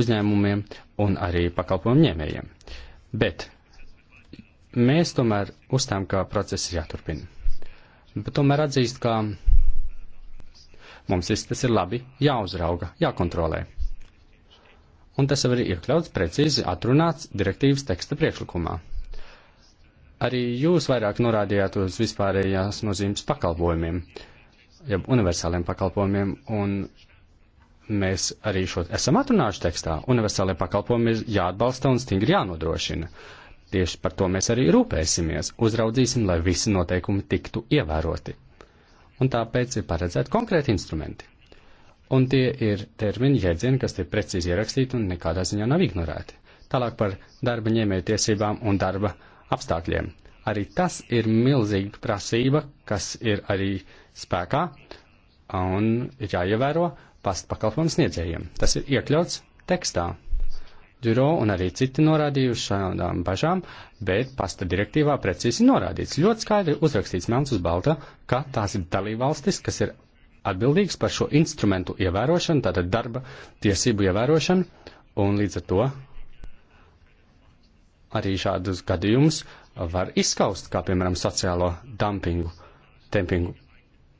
uzņēmumiem un arī pakalpojumu ņēmējiem. Bet mēs tomēr uzstām, ka process ir jāturpina. Bet tomēr atzīst, ka mums viss tas ir labi jāuzrauga, jākontrolē. Un tas jau ir iekļauts precīzi atrunāts direktīvas teksta priekšlikumā. Arī jūs vairāk norādījāt uz vispārējās nozīmes pakalpojumiem. Uh, ja universāliem pakalpojumiem, un mēs arī šo esam atrunājuši tekstā. Universāliem pakalpojumiem ir jāatbalsta un stingri jānodrošina. Tieši par to mēs arī rūpēsimies, uzraudzīsim, lai visi noteikumi tiktu ievēroti. Un tāpēc ir paredzēti konkrēti instrumenti. Un tie ir termini jēdzieni, kas ir precīzi ierakstīti un nekādā ziņā nav ignorēti. Tālāk par darba ņēmēju tiesībām un darba apstākļiem. Arī tas ir milzīga prasība, kas ir arī uh, spēkā un ir jāievēro pasta pakalpojumu sniedzējiem. Tas ir iekļauts tekstā. Džuro un arī citi norādījuši šādām bažām, bet pasta direktīvā precīzi norādīts. Ļoti skaidri uzrakstīts melns uz balta, ka tās ir dalībvalstis, kas ir atbildīgas par šo instrumentu ievērošanu, tātad darba tiesību ievērošanu, un līdz ar to arī šādus gadījumus var izskaust, kā piemēram sociālo dumpingu, tempingu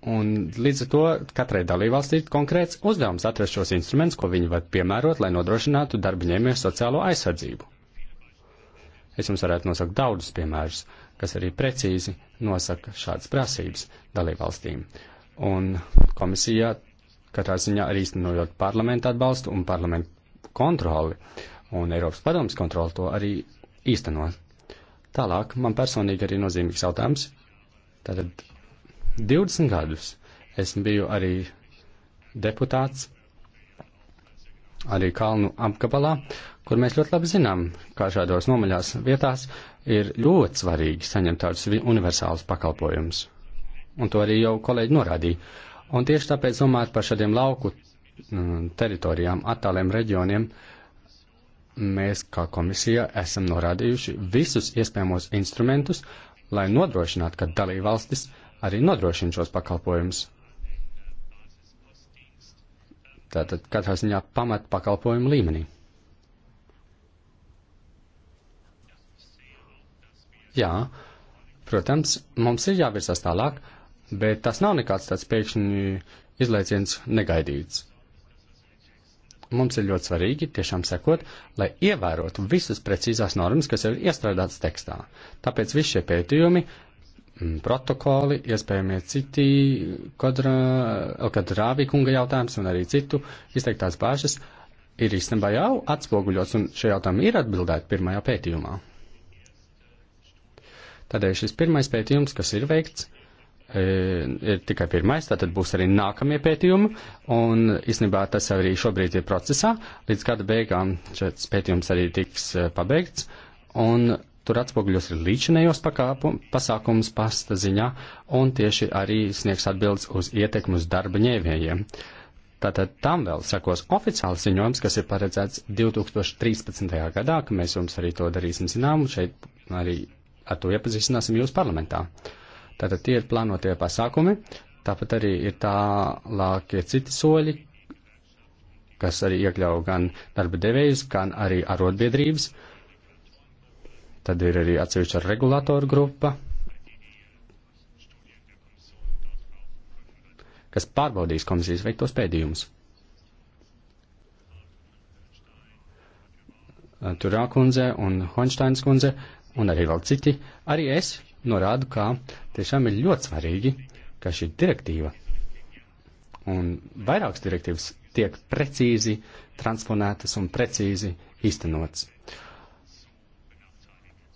Un līdz ar to katrai dalībvalstī ir konkrēts uzdevums atrast šos instrumentus, ko viņi var piemērot, lai nodrošinātu darba ņēmēju sociālo aizsardzību. Es jums varētu nosaukt daudzus piemērus, kas arī precīzi nosaka šādas prasības dalībvalstīm. Un komisijā katrā ziņā arī īstenojot parlamentu atbalstu un parlamentu kontroli, un Eiropas padomas kontroli to arī īstenot. Tālāk man personīgi arī nozīmīgs jautājums. Tātad 20 gadus es biju arī deputāts, arī Kalnu apgabalā, kur mēs ļoti labi zinām, kā šādos nomaļās vietās ir ļoti svarīgi saņemt tādus universālus pakalpojumus. Un to arī jau kolēģi norādīja. Un tieši tāpēc domāt par šādiem lauku mm, teritorijām, attāliem reģioniem, mēs kā komisija esam norādījuši visus iespējamos instrumentus, lai nodrošinātu, ka dalībvalstis valstis arī nodrošina šos pakalpojumus. Tātad katrā ziņā pamat pakalpojumu līmenī. Jā, protams, mums ir jāvirsās tālāk, bet tas nav nekāds tāds pēkšņi izlaiciens negaidīts. Mums ir ļoti svarīgi tiešām sekot, lai ievērotu visas precīzās normas, kas jau ir iestrādātas tekstā. Tāpēc visi šie pētījumi Mm, protokoli, iespējamie citi Elkadrāvi eh, kunga jautājums un arī citu izteiktās bāžas ir īstenībā jau atspoguļots un šie jautājumi ir atbildēti pirmajā pētījumā. Tādēļ šis pirmais pētījums, kas ir veikts, e, ir tikai pirmais, tātad būs arī nākamie pētījumi, un īstenībā tas arī šobrīd ir procesā, līdz gada beigām šis pētījums arī tiks e, pabeigts, un Tur atspoguļos ir līdzinējos pasākums pasta ziņā un tieši arī sniegs atbildes uz ietekmu uz darba ņēmējiem. Tātad tam vēl sekos oficiāls ziņojums, kas ir paredzēts 2013. gadā, ka mēs jums arī to darīsim zinām, un šeit arī ar to iepazīstināsim jūs parlamentā. Tātad tie ir plānotie pasākumi, tāpat arī ir tālākie citi soļi, kas arī iekļauj gan darba devējus, gan arī arotbiedrības. Uh, Tad ir arī atsevišķa regulātoru grupa, kas pārbaudīs komisijas veiktos pēdījumus. Turā kundze un Honštains kundze un arī vēl citi, arī es norādu, ka tiešām ir ļoti svarīgi, ka šī direktīva un vairākas direktīvas tiek precīzi transponētas un precīzi īstenotas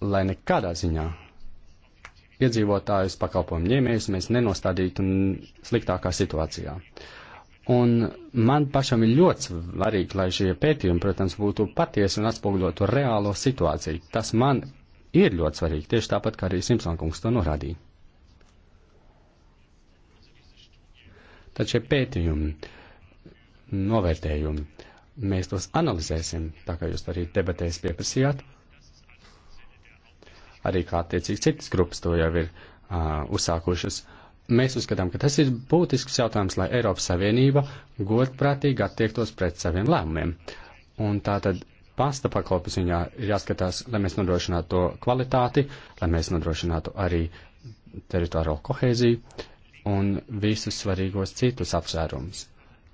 lai nekādā ziņā iedzīvotājus pakalpojumu ņēmējus mēs nenostādītu sliktākā situācijā. Un man pašam ir ļoti svarīgi, lai šie pētījumi, protams, būtu patiesi un atspoguļotu reālo situāciju. Tas man ir ļoti svarīgi, tieši tāpat kā arī Simpsonkungs to norādīja. Tad šie pētījumi, novērtējumi, mēs tos analizēsim, tā kā jūs arī debatēs pieprasījāt, arī kā attiecīgi citas grupas to jau ir uh, uzsākušas. Mēs uzskatām, ka tas ir būtisks jautājums, lai Eiropas Savienība godprātīgi attiektos pret saviem lēmumiem. Un tā tad pasta pakalpas viņā ir jāskatās, lai mēs nodrošinātu to kvalitāti, lai mēs nodrošinātu arī teritoriālo kohēziju un visus svarīgos citus apsvērumus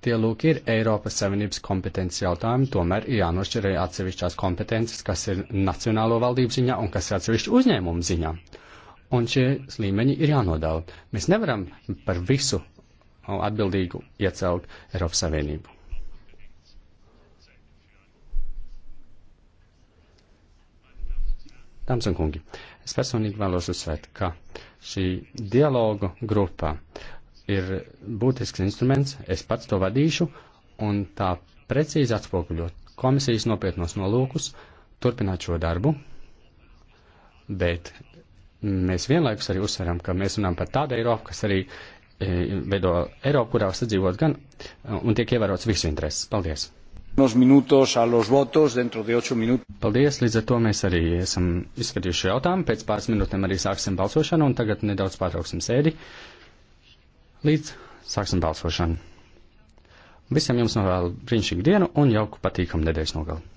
tie lūk ir Eiropas Savienības kompetences jautājumi, tomēr ir jānošķir arī atsevišķās kompetences, kas ir nacionālo valdību ziņā un kas ir atsevišķu uzņēmumu ziņā. Un šie līmeņi ir jānodala. Mēs nevaram par visu atbildīgu iecelt Eiropas Savienību. Dāmas un kungi, es personīgi vēlos uzsvērt, ka šī dialogu grupa uh, ir būtisks instruments, es pats to vadīšu, un tā precīzi atspoguļot komisijas nopietnos nolūkus, turpināt šo darbu, bet mēs vienlaikus arī uzsveram, ka mēs runājam par tādu Eiropu, kas arī e, veido Eiropu, kurā sadzīvot gan un tiek ievērots visu intereses. Paldies! Paldies, līdz ar to mēs arī esam izskatījuši jautājumu, pēc pāris minūtēm arī sāksim balsošanu un tagad nedaudz pārtrauksim sēdi. Līdz sāksim balsošanu. Visiem jums novēlu brīnišķīgu dienu un jauku patīkamu nedēļas nogalu.